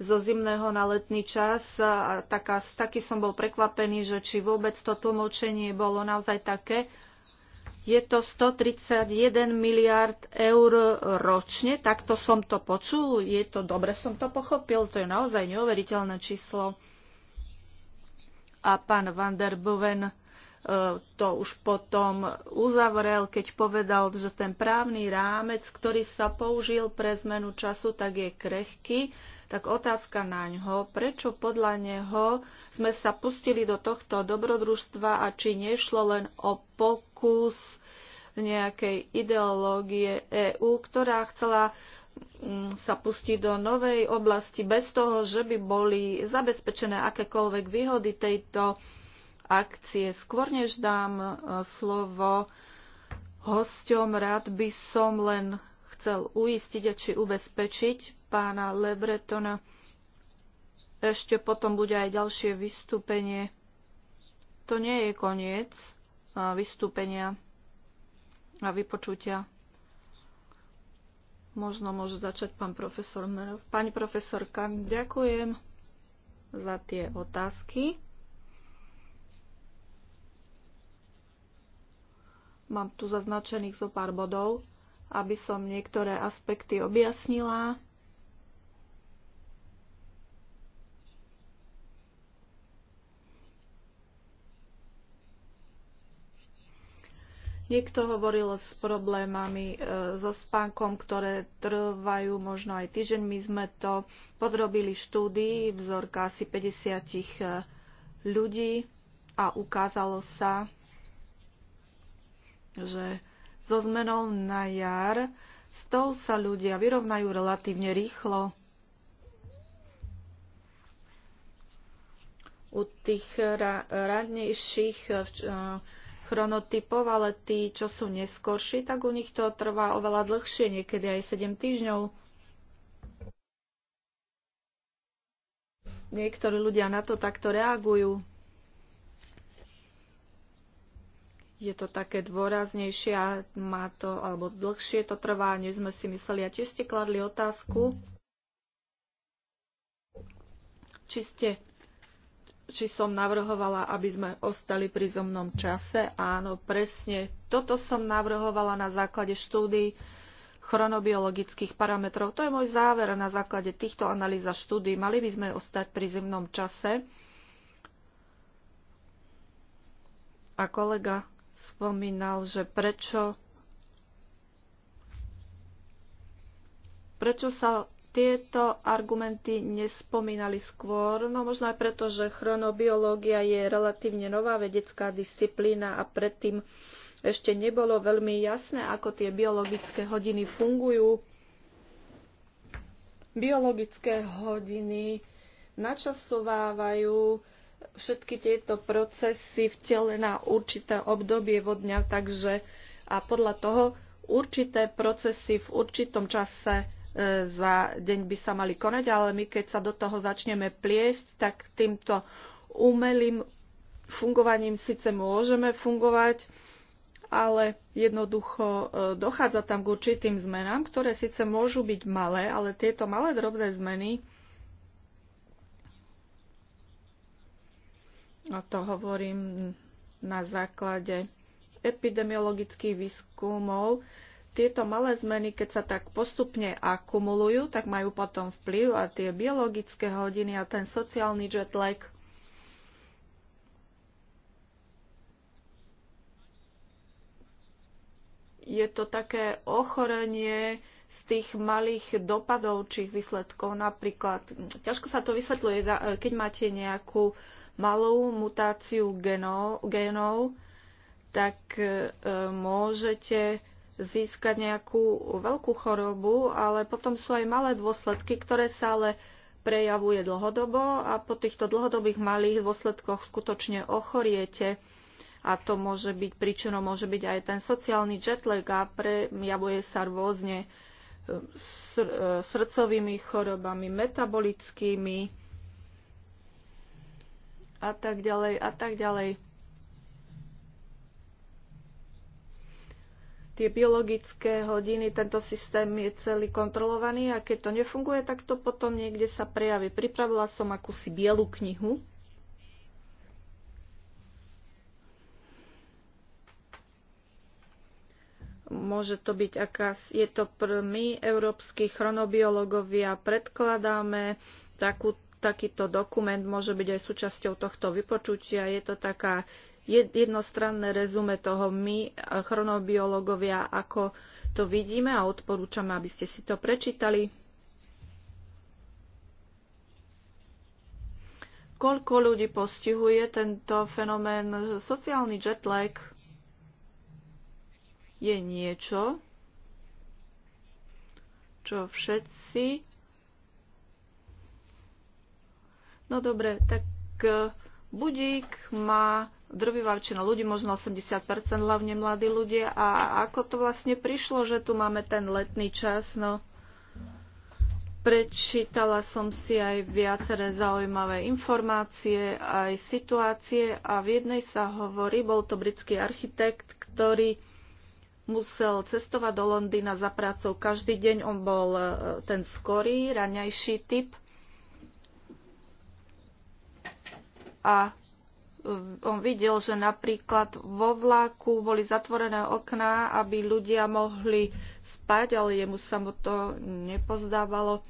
zo zimného na letný čas. A taká, taký som bol prekvapený, že či vôbec to tlmočenie bolo naozaj také. Je to 131 miliard eur ročne, takto som to počul, je to dobre, som to pochopil, to je naozaj neuveriteľné číslo. A pán Van der Boven E, to už potom uzavrel, keď povedal, že ten právny rámec, ktorý sa použil pre zmenu času, tak je krehký, tak otázka na ňo, prečo podľa neho sme sa pustili do tohto dobrodružstva a či nešlo len o pokus nejakej ideológie EÚ, ktorá chcela mm, sa pustiť do novej oblasti bez toho, že by boli zabezpečené akékoľvek výhody tejto akcie. Skôr než dám e, slovo hosťom, rád by som len chcel uistiť a či ubezpečiť pána Lebretona. Ešte potom bude aj ďalšie vystúpenie. To nie je koniec e, vystúpenia a vypočutia. Možno môže začať pán profesor Merov. Pani profesorka, ďakujem za tie otázky. Mám tu zaznačených zo pár bodov, aby som niektoré aspekty objasnila. Niekto hovoril s problémami e, so spánkom, ktoré trvajú možno aj týždeň. My sme to podrobili štúdii, vzorka asi 50 e, ľudí a ukázalo sa, že so zmenou na jar s tou sa ľudia vyrovnajú relatívne rýchlo. U tých ra- radnejších eh, eh, chronotypov, ale tí, čo sú neskorší, tak u nich to trvá oveľa dlhšie, niekedy aj 7 týždňov. Niektorí ľudia na to takto reagujú. je to také dôraznejšie a má to, alebo dlhšie to trvá, než sme si mysleli. A tiež ste kladli otázku, či ste či som navrhovala, aby sme ostali pri zomnom čase. Áno, presne. Toto som navrhovala na základe štúdií chronobiologických parametrov. To je môj záver na základe týchto analýz a štúdií. Mali by sme ostať pri zimnom čase. A kolega spomínal, že prečo, prečo sa tieto argumenty nespomínali skôr, no možno aj preto, že chronobiológia je relatívne nová vedecká disciplína a predtým ešte nebolo veľmi jasné, ako tie biologické hodiny fungujú. Biologické hodiny načasovávajú všetky tieto procesy vtele na určité obdobie dňa, takže a podľa toho určité procesy v určitom čase e, za deň by sa mali konať, ale my keď sa do toho začneme pliesť, tak týmto umelým fungovaním síce môžeme fungovať, ale jednoducho e, dochádza tam k určitým zmenám, ktoré síce môžu byť malé, ale tieto malé drobné zmeny a no to hovorím na základe epidemiologických výskumov, tieto malé zmeny, keď sa tak postupne akumulujú, tak majú potom vplyv a tie biologické hodiny a ten sociálny jet lag. Je to také ochorenie z tých malých dopadovčích výsledkov. Napríklad, hm, ťažko sa to vysvetľuje, keď máte nejakú uh, malú mutáciu genov, genov tak e, môžete získať nejakú veľkú chorobu, ale potom sú aj malé dôsledky, ktoré sa ale prejavuje dlhodobo a po týchto dlhodobých malých dôsledkoch skutočne ochoriete a to môže byť príčinou, môže byť aj ten sociálny jetlag a prejavuje sa rôzne e, e, srdcovými chorobami, metabolickými a tak ďalej a tak ďalej. Tie biologické hodiny, tento systém je celý kontrolovaný a keď to nefunguje, tak to potom niekde sa prejaví. Pripravila som akúsi bielu knihu, môže to byť aká, je to pr, my, európsky chronobiológovia, predkladáme takú, takýto dokument môže byť aj súčasťou tohto vypočutia. Je to taká jednostranné rezume toho my, eh, chronobiológovia, ako to vidíme a odporúčame, aby ste si to prečítali. Koľko ľudí postihuje tento fenomén? Sociálny jetlag je niečo, čo všetci No dobre, tak e, budík má drvivá väčšina ľudí, možno 80%, hlavne mladí ľudia. A ako to vlastne prišlo, že tu máme ten letný čas? No, prečítala som si aj viaceré zaujímavé informácie, aj situácie a v jednej sa hovorí, bol to britský architekt, ktorý musel cestovať do Londýna za prácou každý deň. On bol e, ten skorý, raňajší typ a e, on videl, že napríklad vo vlaku boli zatvorené okná, aby ľudia mohli spať, ale jemu sa mu to nepozdávalo.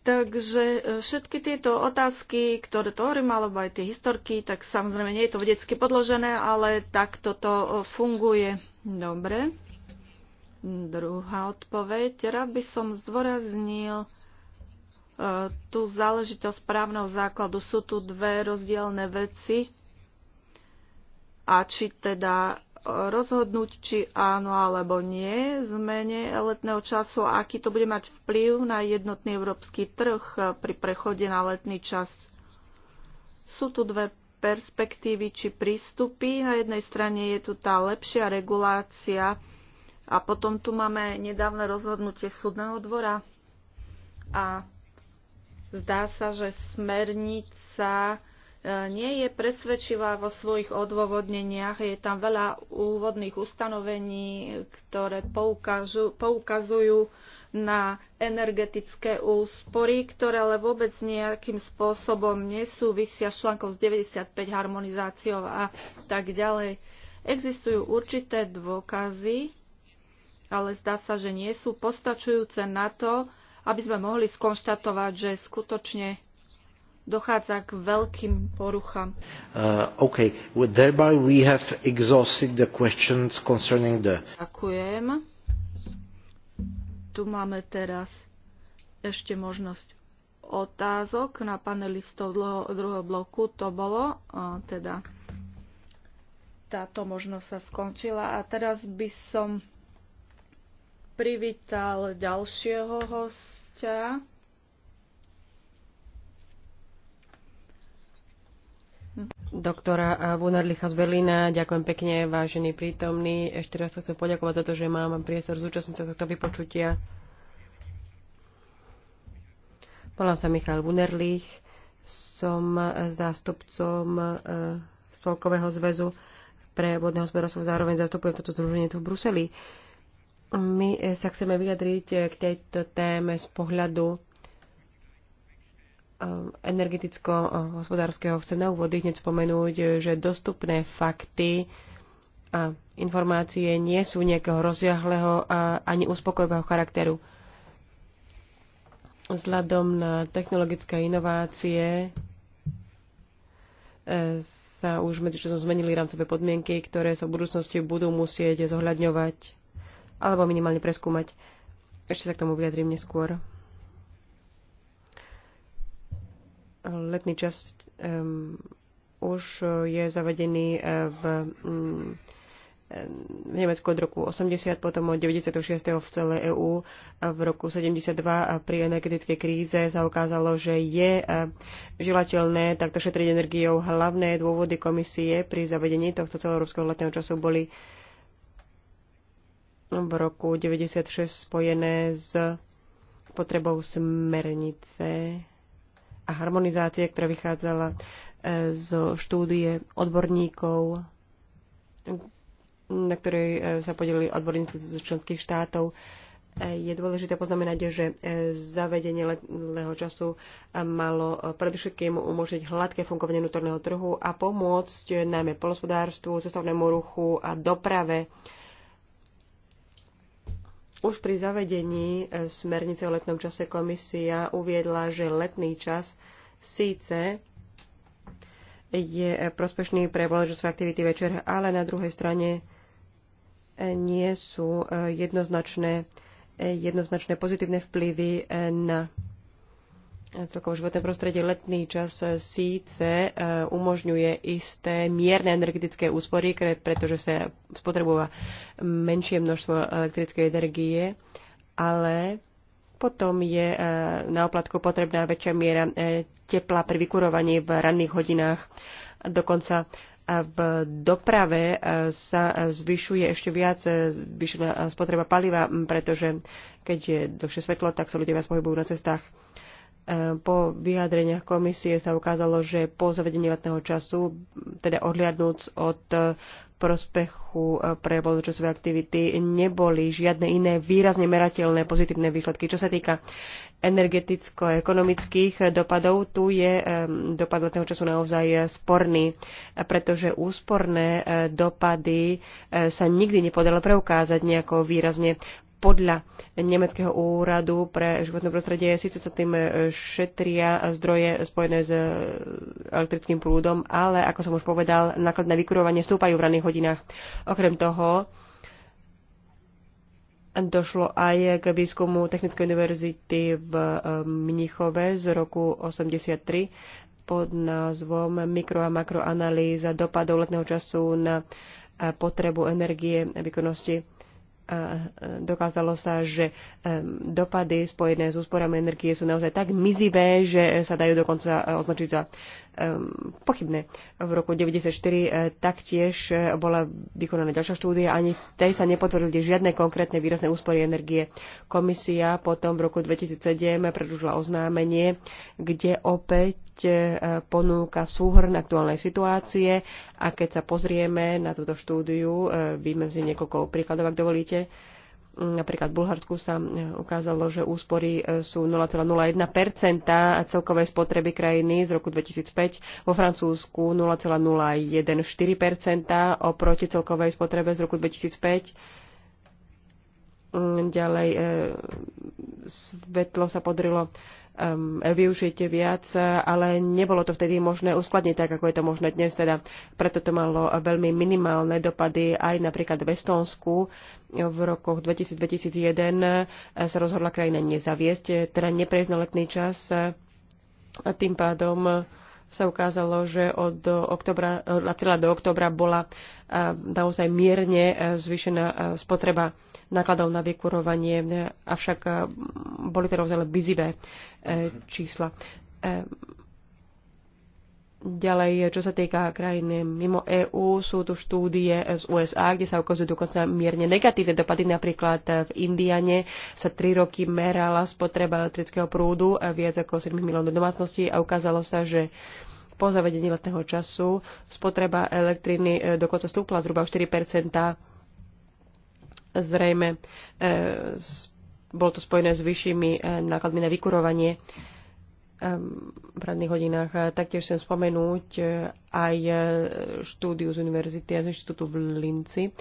Takže e, všetky tieto otázky, ktoré to hovorím, alebo aj tie historky, tak samozrejme nie je to vedecky podložené, ale takto to e, funguje. Dobre. Druhá odpoveď. Rád by som zdôraznil, tú záležitosť právneho základu. Sú tu dve rozdielne veci a či teda rozhodnúť, či áno alebo nie zmene letného času a aký to bude mať vplyv na jednotný európsky trh pri prechode na letný čas. Sú tu dve perspektívy či prístupy. Na jednej strane je tu tá lepšia regulácia a potom tu máme nedávne rozhodnutie súdneho dvora a Zdá sa, že smernica e, nie je presvedčivá vo svojich odôvodneniach. Je tam veľa úvodných ustanovení, ktoré poukažu, poukazujú na energetické úspory, ktoré ale vôbec nejakým spôsobom nesúvisia s článkom z 95 harmonizáciou a tak ďalej. Existujú určité dôkazy, ale zdá sa, že nie sú postačujúce na to, aby sme mohli skonštatovať, že skutočne dochádza k veľkým poruchám. Uh, okay. Thereby we have exhausted the questions concerning the... Ďakujem. Tu máme teraz ešte možnosť otázok na panelistov druhého bloku. To bolo a teda táto možnosť sa skončila. A teraz by som privítal ďalšieho hosta ťa. Doktora Wunderlicha z Berlína, ďakujem pekne, vážený prítomný. Ešte raz chcem poďakovať za to, že mám priestor zúčastniť sa tohto vypočutia. Volám sa Michal Wunderlich, som zástupcom e, Spolkového zväzu pre vodné hospodárstvo, zároveň zastupujem toto združenie tu v Bruseli. My eh, sa chceme vyjadriť eh, k tejto téme z pohľadu eh, energeticko-hospodárskeho. Chcem na úvod hneď spomenúť, že dostupné fakty a informácie nie sú nejakého rozjahlého a ani uspokojivého charakteru. Vzhľadom na technologické inovácie sa už medzičasom zmenili rámcové podmienky, ktoré sa v budúcnosti budú musieť zohľadňovať alebo minimálne preskúmať. Ešte sa k tomu vyjadrím neskôr. Letný čas um, už je zavedený eh, v, um, v Nemecku od roku 80, potom od 96. v celej EÚ. V roku 72 eh, pri energetickej kríze sa ukázalo, že je eh, želateľné takto šetriť energiou. Hlavné dôvody komisie pri zavedení tohto celoeurópskeho letného času boli uh, v roku 96 spojené s potrebou smernice a harmonizácie, ktorá vychádzala e, zo štúdie odborníkov, na ktorej e, sa podelili odborníci z členských štátov. E, je dôležité poznamenať, že zavedenie letného času malo predovšetkým umožniť hladké fungovanie vnútorného trhu a pomôcť najmä polospodárstvu, cestovnému ruchu a doprave už pri zavedení e, smernice o letnom čase komisia uviedla, že letný čas síce je e, prospešný pre voľažstvo aktivity večer, ale na druhej strane e, nie sú jednoznačné, jednoznačné pozitívne vplyvy na celkovo životné prostredie, letný čas e, síce e, umožňuje isté mierne energetické úspory, pretože sa spotrebuje menšie množstvo elektrickej energie, ale potom je e, na oplatku potrebná väčšia miera tepla pri vykurovaní v ranných hodinách. Dokonca v doprave sa zvyšuje ešte viac zvyšená spotreba paliva, pretože keď je dlhšie svetlo, tak sa ľudia viac pohybujú na cestách. E, po vyjadreniach komisie sa ukázalo, že po zavedení letného času, teda odliadnúc od e, prospechu e, pre voľnočasové aktivity, neboli žiadne iné výrazne merateľné pozitívne výsledky. Čo sa týka energeticko-ekonomických dopadov, tu je dopad letného času naozaj sporný, pretože úsporné dopady sa nikdy nepodalo preukázať nejako výrazne podľa Nemeckého úradu pre životné prostredie síce sa tým šetria zdroje spojené s elektrickým prúdom, ale ako som už povedal, náklad na vykurovanie stúpajú v raných hodinách. Okrem toho, došlo aj k výskumu Technickej univerzity v ehm, Mnichove z roku 83 pod názvom Mikro a makroanalýza dopadov letného času na e, potrebu energie a výkonnosti dokázalo sa, že e, dopady spojené s úsporami energie sú naozaj tak mizivé, že sa dajú dokonca e, označiť za e, pochybné. V roku 1994 taktiež bola vykonaná ďalšia štúdia, ani v tej sa nepotvrdili žiadne konkrétne výrazné úspory energie. Komisia potom v roku 2007 predložila oznámenie, kde opäť ponúka súhrn aktuálnej situácie a keď sa pozrieme na túto štúdiu, vyjmem si niekoľko príkladov, ak dovolíte, Napríklad v Bulharsku sa ukázalo, že úspory e, sú 0,01 celkovej spotreby krajiny z roku 2005, vo Francúzsku 0,014 oproti celkovej spotrebe z roku 2005. Mm, ďalej e, svetlo sa podrilo um, využite viac, ale nebolo to vtedy možné uskladniť tak, ako je to možné dnes. Teda preto to malo veľmi minimálne dopady aj napríklad v Estónsku. V rokoch 2000-2001 sa rozhodla krajina nezaviesť, teda neprejsť na letný čas a tým pádom sa ukázalo, že od oktobra, apríla do oktobra bola e, naozaj mierne e, zvýšená e, spotreba nákladov na vykurovanie, avšak boli to rozdiel bizivé čísla. Ďalej, čo sa týka krajiny mimo EÚ, sú tu štúdie z USA, kde sa ukazujú dokonca mierne negatívne dopady. Napríklad v Indiane sa tri roky merala spotreba elektrického prúdu viac ako 7 miliónov domácností a ukázalo sa, že po zavedení letného času spotreba elektriny eh, dokonca stúpla zhruba o 4 Zrejme eh, bolo to spojené s vyššími eh, nákladmi na vykurovanie v radných hodinách. E, taktiež chcem spomenúť e, aj e, štúdiu z univerzity a z inštitútu v Linci.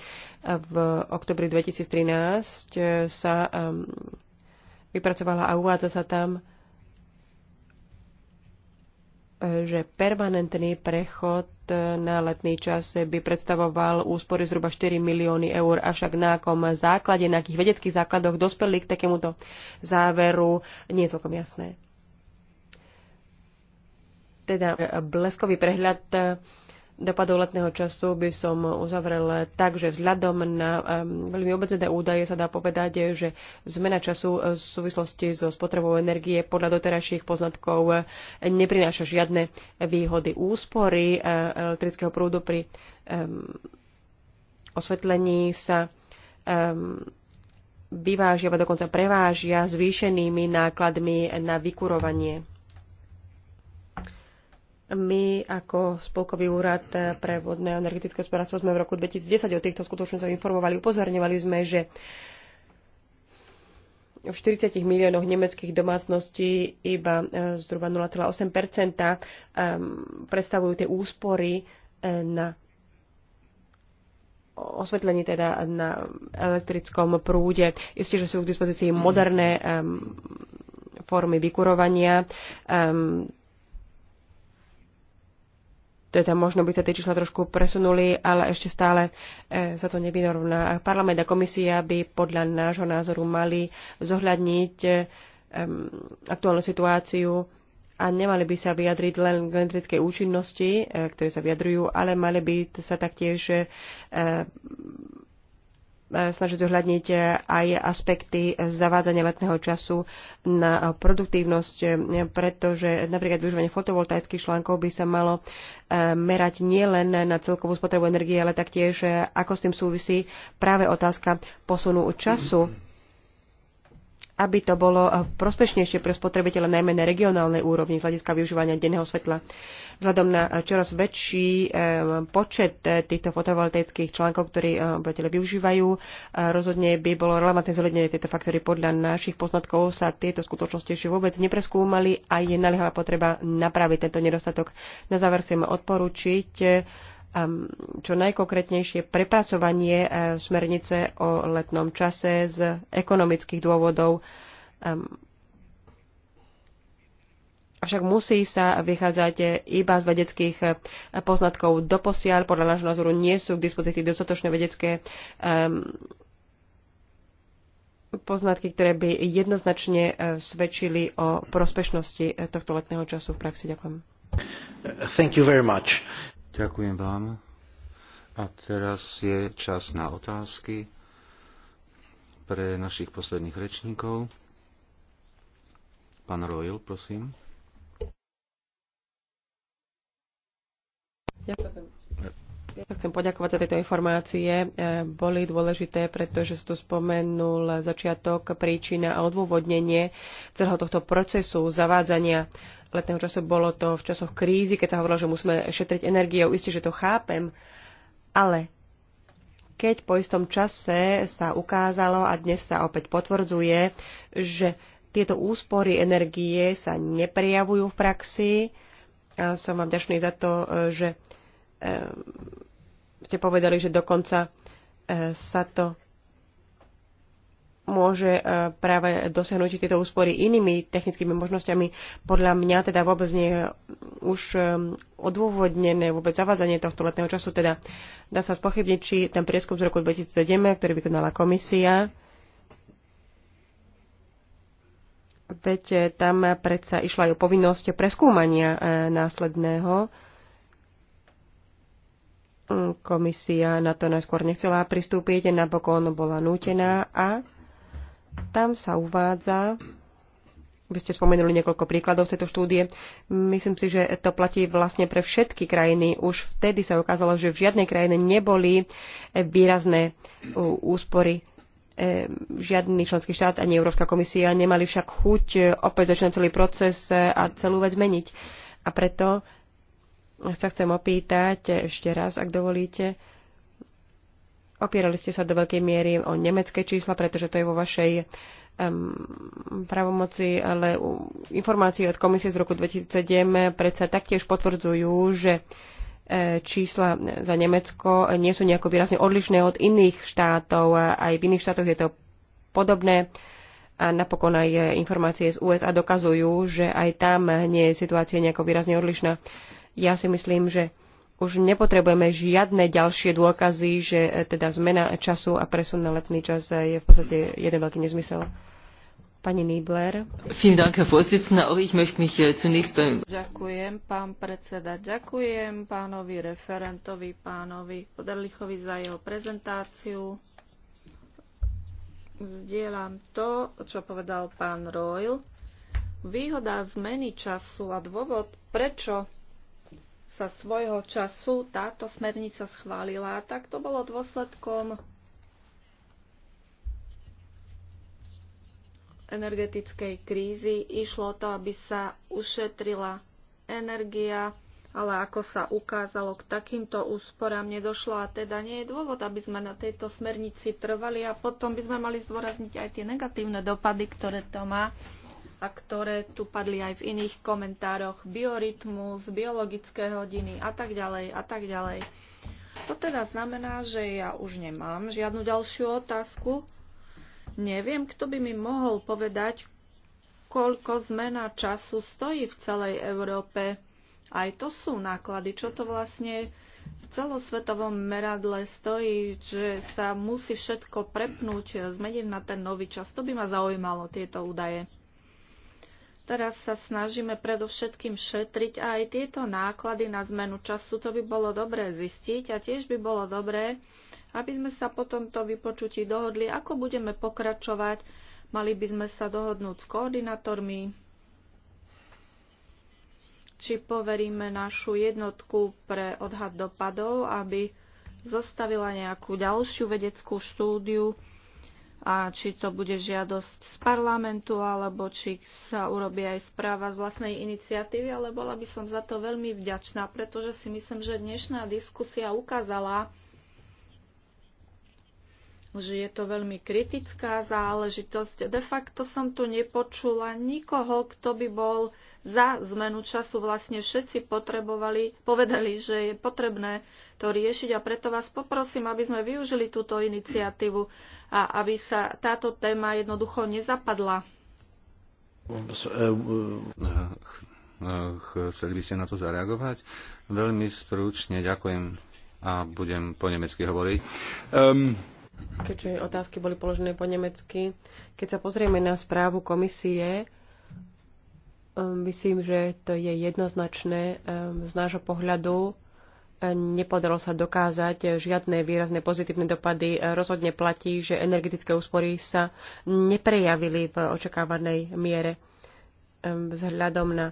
V oktobri 2013 sa vypracovala a uvádza sa tam, že permanentný prechod na letný čas by predstavoval úspory zhruba 4 milióny eur, avšak na akom základe, na akých vedeckých základoch dospeli k takémuto záveru, nie je celkom jasné. Teda e, bleskový prehľad e, dopadov letného času by som uzavrel tak, že vzhľadom na e, veľmi obecné údaje sa dá povedať, že zmena času v súvislosti so spotrebou energie podľa doterajších poznatkov neprináša žiadne výhody úspory elektrického prúdu pri osvetlení sa vyvážia, dokonca prevážia zvýšenými nákladmi na vykurovanie. My ako Spolkový úrad pre vodné a energetické hospodárstvo sme v roku 2010 o týchto skutočnosti informovali, upozorňovali sme, že v 40 miliónoch nemeckých domácností iba e, zhruba 0,8 e, predstavujú tie úspory e, na osvetlenie teda na elektrickom prúde. Isté, že sú k dispozícii moderné formy vykurovania teda možno by sa tie čísla trošku presunuli, ale ešte stále e, sa to nevynorovná. Parlament a komisia by podľa nášho názoru mali zohľadniť e, aktuálnu situáciu a nemali by sa vyjadriť len k elektrickej účinnosti, e, ktoré sa vyjadrujú, ale mali by sa taktiež E, snažiť zohľadniť e, aj aspekty zavádzania letného času na produktívnosť, e, pretože napríklad využívanie fotovoltaických článkov by sa malo merať nielen na celkovú spotrebu energie, ale taktiež ako s tým súvisí práve otázka posunu času aby to bolo eh, prospešnejšie pre spotrebiteľa, najmä na regionálnej úrovni z hľadiska využívania denného svetla. Vzhľadom na eh, čoraz väčší eh, počet týchto fotovoltaických článkov, ktorí obyvateľe využívajú, rozhodne by bolo relevantné zohľadnenie tieto faktory. Podľa našich poznatkov sa tieto skutočnosti ešte vôbec nepreskúmali a je naliehavá potreba napraviť tento nedostatok. Na záver chcem odporučiť čo najkonkrétnejšie prepracovanie e, smernice o letnom čase z ekonomických dôvodov. Avšak musí sa vychádzať iba z vedeckých e, poznatkov doposiaľ. Podľa nášho názoru nie sú k dispozícii dostatočné vedecké poznatky, ktoré by jednoznačne e, svedčili o prospešnosti tohto letného času v praxi. Ďakujem. Thank you very much. Ďakujem vám. A teraz je čas na otázky pre našich posledných rečníkov. Pán Royal, prosím. Ďakujem. Ja sa chcem poďakovať za tieto informácie. E, boli dôležité, pretože sa tu spomenul začiatok, príčina a odôvodnenie celého tohto procesu zavádzania letného času. Bolo to v časoch krízy, keď sa hovorilo, že musíme šetriť energiou. Isté, že to chápem, ale keď po istom čase sa ukázalo a dnes sa opäť potvrdzuje, že tieto úspory energie sa neprejavujú v praxi. A som vám ďačný za to, že Ehm, ste povedali, že dokonca e, sa to môže e, práve dosiahnuť tieto úspory inými technickými možnosťami. Podľa mňa teda vôbec nie je už e, odôvodnené vôbec zavádzanie tohto letného času. Teda dá sa spochybniť, či ten prieskum z roku 2007, ktorý vykonala komisia, veď tam predsa išla aj o povinnosť preskúmania následného Komisia na to najskôr nechcela pristúpiť, napokon bola nútená a tam sa uvádza, vy ste spomenuli niekoľko príkladov z tejto štúdie, myslím si, že to platí vlastne pre všetky krajiny. Už vtedy sa ukázalo, že v žiadnej krajine neboli eh, výrazné úspory eh, žiadny členský štát ani Európska komisia nemali však chuť eh, opäť začať celý proces a celú vec meniť. A preto sa chcem opýtať ešte raz, ak dovolíte. Opierali ste sa do veľkej miery o nemecké čísla, pretože to je vo vašej um, pravomoci, ale informácie od komisie z roku 2007 predsa taktiež potvrdzujú, že e, čísla za Nemecko nie sú nejako výrazne odlišné od iných štátov. Aj v iných štátoch je to podobné. A napokon aj informácie z USA dokazujú, že aj tam nie je situácia nejako výrazne odlišná. Ja si myslím, že už nepotrebujeme žiadne ďalšie dôkazy, že e, teda zmena času a presun na letný čas e, je v podstate jeden veľký nezmysel. Pani Niebler. Äh, Ďakujem, pán predseda. Ďakujem pánovi referentovi, pánovi Poderlichovi za jeho prezentáciu. Zdieľam to, čo povedal pán Royl. Výhoda zmeny času a dôvod, prečo sa svojho času táto smernica schválila, tak to bolo dôsledkom energetickej krízy. Išlo to, aby sa ušetrila energia, ale ako sa ukázalo, k takýmto úsporám nedošlo a teda nie je dôvod, aby sme na tejto smernici trvali a potom by sme mali zvorazniť aj tie negatívne dopady, ktoré to má a ktoré tu padli aj v iných komentároch, biorytmus, biologické hodiny a tak ďalej a tak ďalej. To teda znamená, že ja už nemám žiadnu ďalšiu otázku. Neviem, kto by mi mohol povedať, koľko zmena času stojí v celej Európe. Aj to sú náklady, čo to vlastne v celosvetovom meradle stojí, že sa musí všetko prepnúť, zmeniť na ten nový čas. To by ma zaujímalo, tieto údaje. Teraz sa snažíme predovšetkým šetriť a aj tieto náklady na zmenu času. To by bolo dobré zistiť a tiež by bolo dobré, aby sme sa po tomto vypočutí dohodli, ako budeme pokračovať. Mali by sme sa dohodnúť s koordinátormi, či poveríme našu jednotku pre odhad dopadov, aby zostavila nejakú ďalšiu vedeckú štúdiu, a či to bude žiadosť z parlamentu, alebo či sa urobí aj správa z vlastnej iniciatívy, ale bola by som za to veľmi vďačná, pretože si myslím, že dnešná diskusia ukázala, že je to veľmi kritická záležitosť. De facto som tu nepočula nikoho, kto by bol za zmenu času. Vlastne všetci potrebovali, povedali, že je potrebné to riešiť a preto vás poprosím, aby sme využili túto iniciatívu a aby sa táto téma jednoducho nezapadla. Chceli by ste na to zareagovať? Veľmi stručne ďakujem a budem po nemecky hovoriť. Um, keďže otázky boli položené po nemecky, keď sa pozrieme na správu komisie, um, myslím, že to je jednoznačné um, z nášho pohľadu. Um, nepodarilo sa dokázať žiadne výrazné pozitívne dopady. Rozhodne platí, že energetické úspory sa neprejavili v očakávanej miere vzhľadom na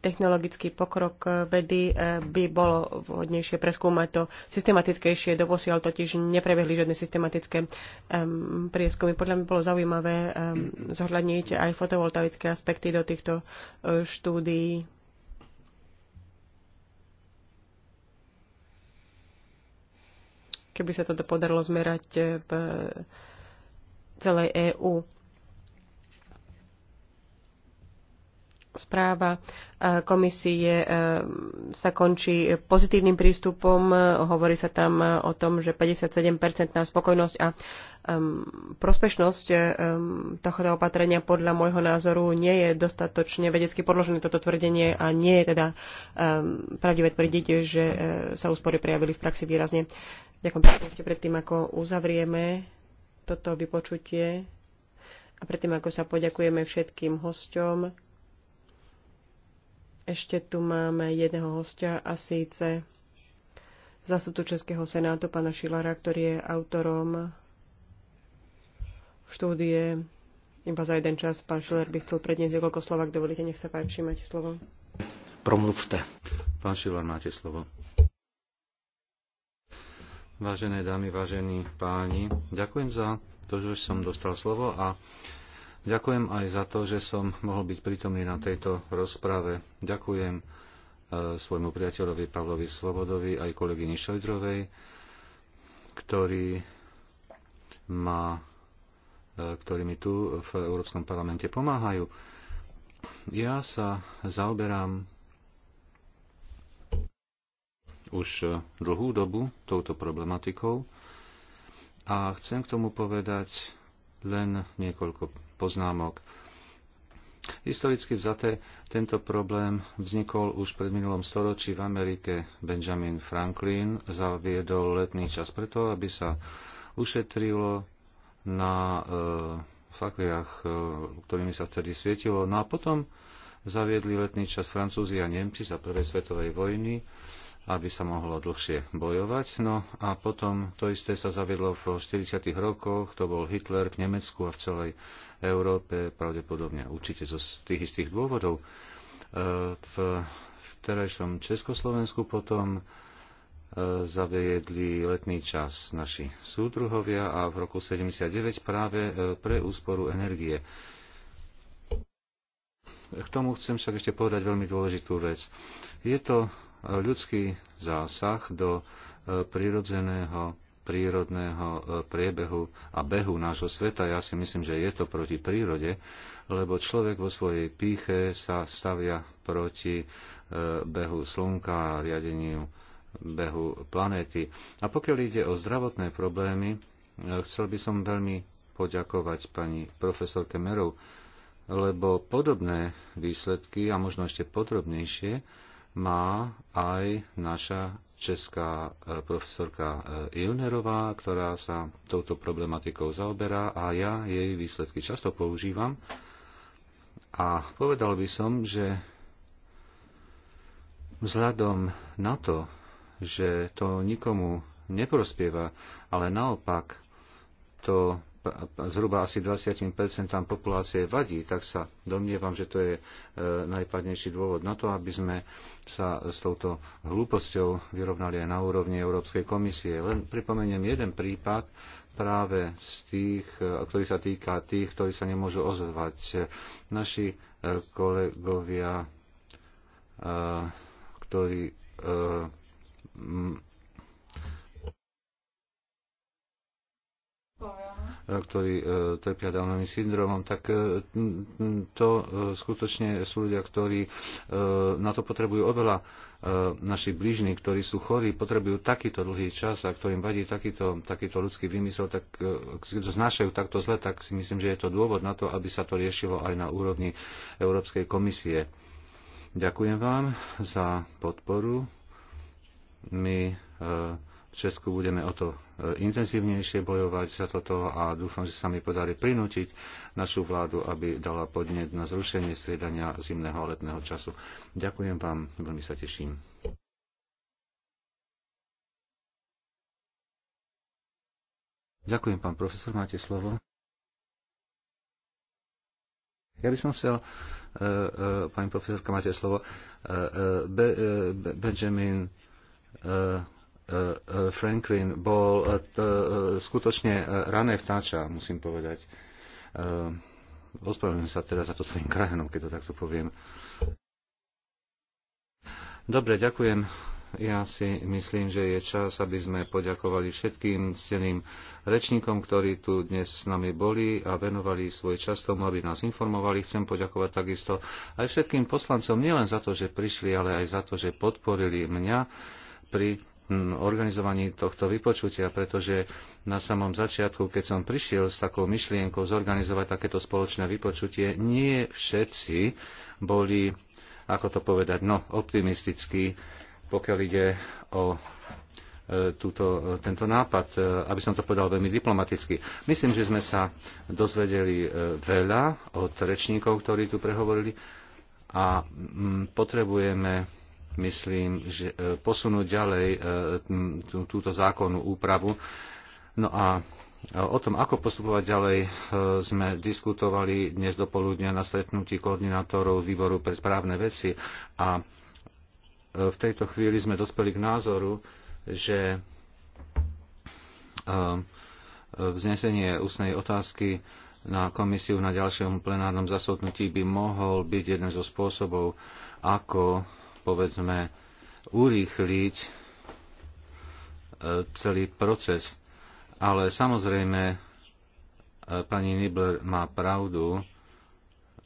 technologický pokrok e, vedy e, by bolo vhodnejšie preskúmať to systematickejšie. Doposiaľ totiž neprebehli žiadne systematické um, prieskumy. Podľa mňa bolo zaujímavé um, zohľadniť aj fotovoltaické aspekty do týchto uh, štúdií. Keby sa toto podarilo zmerať v celej EÚ. správa e, komisie e, sa končí pozitívnym prístupom. E, hovorí sa tam o tom, že 57-percentná spokojnosť a prospešnosť tohto opatrenia podľa môjho názoru nie je dostatočne vedecky podložené toto tvrdenie a nie je teda pravdivé tvrdiť, že sa úspory prejavili v praxi výrazne. Ďakujem pekne ešte predtým, ako uzavrieme toto vypočutie a predtým, ako sa poďakujeme všetkým hosťom ešte tu máme jedného hostia a síce zastupcu Českého senátu, pana Šilara, ktorý je autorom štúdie iba za jeden čas. Pán Šiler by chcel predniesť niekoľko slov, ak dovolíte, nech sa páči, máte slovo. Promluvte. Pán Šiler, máte slovo. Vážené dámy, vážení páni, ďakujem za to, že som dostal slovo a Ďakujem aj za to, že som mohol byť prítomný na tejto rozprave. Ďakujem e, svojmu priateľovi Pavlovi Svobodovi aj kolegyni Šojdrovej, ktorý, ma, e, ktorí mi tu v Európskom parlamente pomáhajú. Ja sa zaoberám už e, dlhú dobu touto problematikou a chcem k tomu povedať len niekoľko poznámok. Historicky vzaté, tento problém vznikol už pred minulom storočí v Amerike. Benjamin Franklin zaviedol letný čas preto, aby sa ušetrilo na e, fakliach, e, ktorými sa vtedy svietilo. No a potom zaviedli letný čas Francúzi a Nemci za prvej svetovej vojny aby sa mohlo dlhšie bojovať. No a potom to isté sa zaviedlo v 40. rokoch, to bol Hitler v Nemecku a v celej Európe, pravdepodobne určite zo tých istých dôvodov. E, v terajšom Československu potom e, zaviedli letný čas naši súdruhovia a v roku 79 práve e, pre úsporu energie. K tomu chcem však ešte povedať veľmi dôležitú vec. Je to ľudský zásah do e, prírodzeného prírodného e, priebehu a behu nášho sveta. Ja si myslím, že je to proti prírode, lebo človek vo svojej píche sa stavia proti e, behu slnka a riadeniu behu planéty. A pokiaľ ide o zdravotné problémy, chcel by som veľmi poďakovať pani profesorke Merov, lebo podobné výsledky a možno ešte podrobnejšie má aj naša česká e, profesorka e, Ilnerová, ktorá sa touto problematikou zaoberá a ja jej výsledky často používam. A povedal by som, že vzhľadom na to, že to nikomu neprospieva, ale naopak to zhruba asi 20% populácie vadí, tak sa domnievam, že to je e, najpadnejší dôvod na to, aby sme sa s touto hlúposťou vyrovnali aj na úrovni Európskej komisie. Len pripomeniem jeden prípad práve z tých, e, ktorý sa týka tých, ktorí sa nemôžu ozvať. Naši e, kolegovia, ktorí povedal ktorí e, trpia Downovým syndromom, tak e, to e, skutočne sú ľudia, ktorí na to potrebujú oveľa naši blížni, ktorí sú chorí, potrebujú takýto dlhý čas a ktorým vadí takýto, takýto ľudský vymysel, tak keď to znášajú takto zle, tak si myslím, že je to dôvod na to, aby sa to riešilo aj na úrovni Európskej komisie. Ďakujem vám za podporu. My uh, v Česku budeme o to e, intenzívnejšie bojovať za toto a dúfam, že sa mi podarí prinútiť našu vládu, aby dala podnet na zrušenie striedania zimného a letného času. Ďakujem vám, veľmi sa teším. Ďakujem, pán profesor, máte slovo. Ja by som chcel, e, e, pani profesorka, máte slovo, Benjamin Eh, Franklin bol eh, eh, skutočne rané vtáča, musím povedať. Ospravedlňujem sa teda za to svojim krajanom, keď to takto poviem. Dobre, ďakujem. Ja si myslím, že je čas, aby sme poďakovali všetkým steným rečníkom, ktorí tu dnes s nami boli a venovali svoj čas tomu, aby nás informovali. Chcem poďakovať takisto aj všetkým poslancom, nielen za to, že prišli, ale aj za to, že podporili mňa pri Mm, organizovaní tohto vypočutia, pretože na samom začiatku, keď som prišiel s takou myšlienkou zorganizovať takéto spoločné vypočutie, nie všetci boli, ako to povedať, no, optimistickí, pokiaľ ide o e, túto, e, tento nápad, e, aby som to povedal veľmi diplomaticky. Myslím, že sme sa dozvedeli veľa od rečníkov, ktorí tu prehovorili a mm, potrebujeme myslím, že e, posunúť ďalej e, túto zákonnú úpravu. No a e, o tom, ako postupovať ďalej, sme diskutovali dnes do poludnia na stretnutí koordinátorov výboru pre správne veci a v tejto chvíli sme dospeli k názoru, že vznesenie ústnej otázky na komisiu na ďalšom plenárnom zasadnutí by mohol byť jeden zo spôsobov, ako povedzme, urýchliť e, celý proces. Ale samozrejme, e, pani Nibler má pravdu,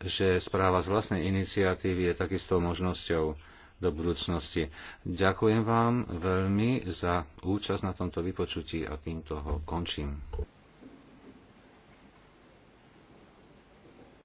že správa z vlastnej iniciatívy je takisto možnosťou do budúcnosti. Ďakujem vám veľmi za účasť na tomto vypočutí a týmto ho končím.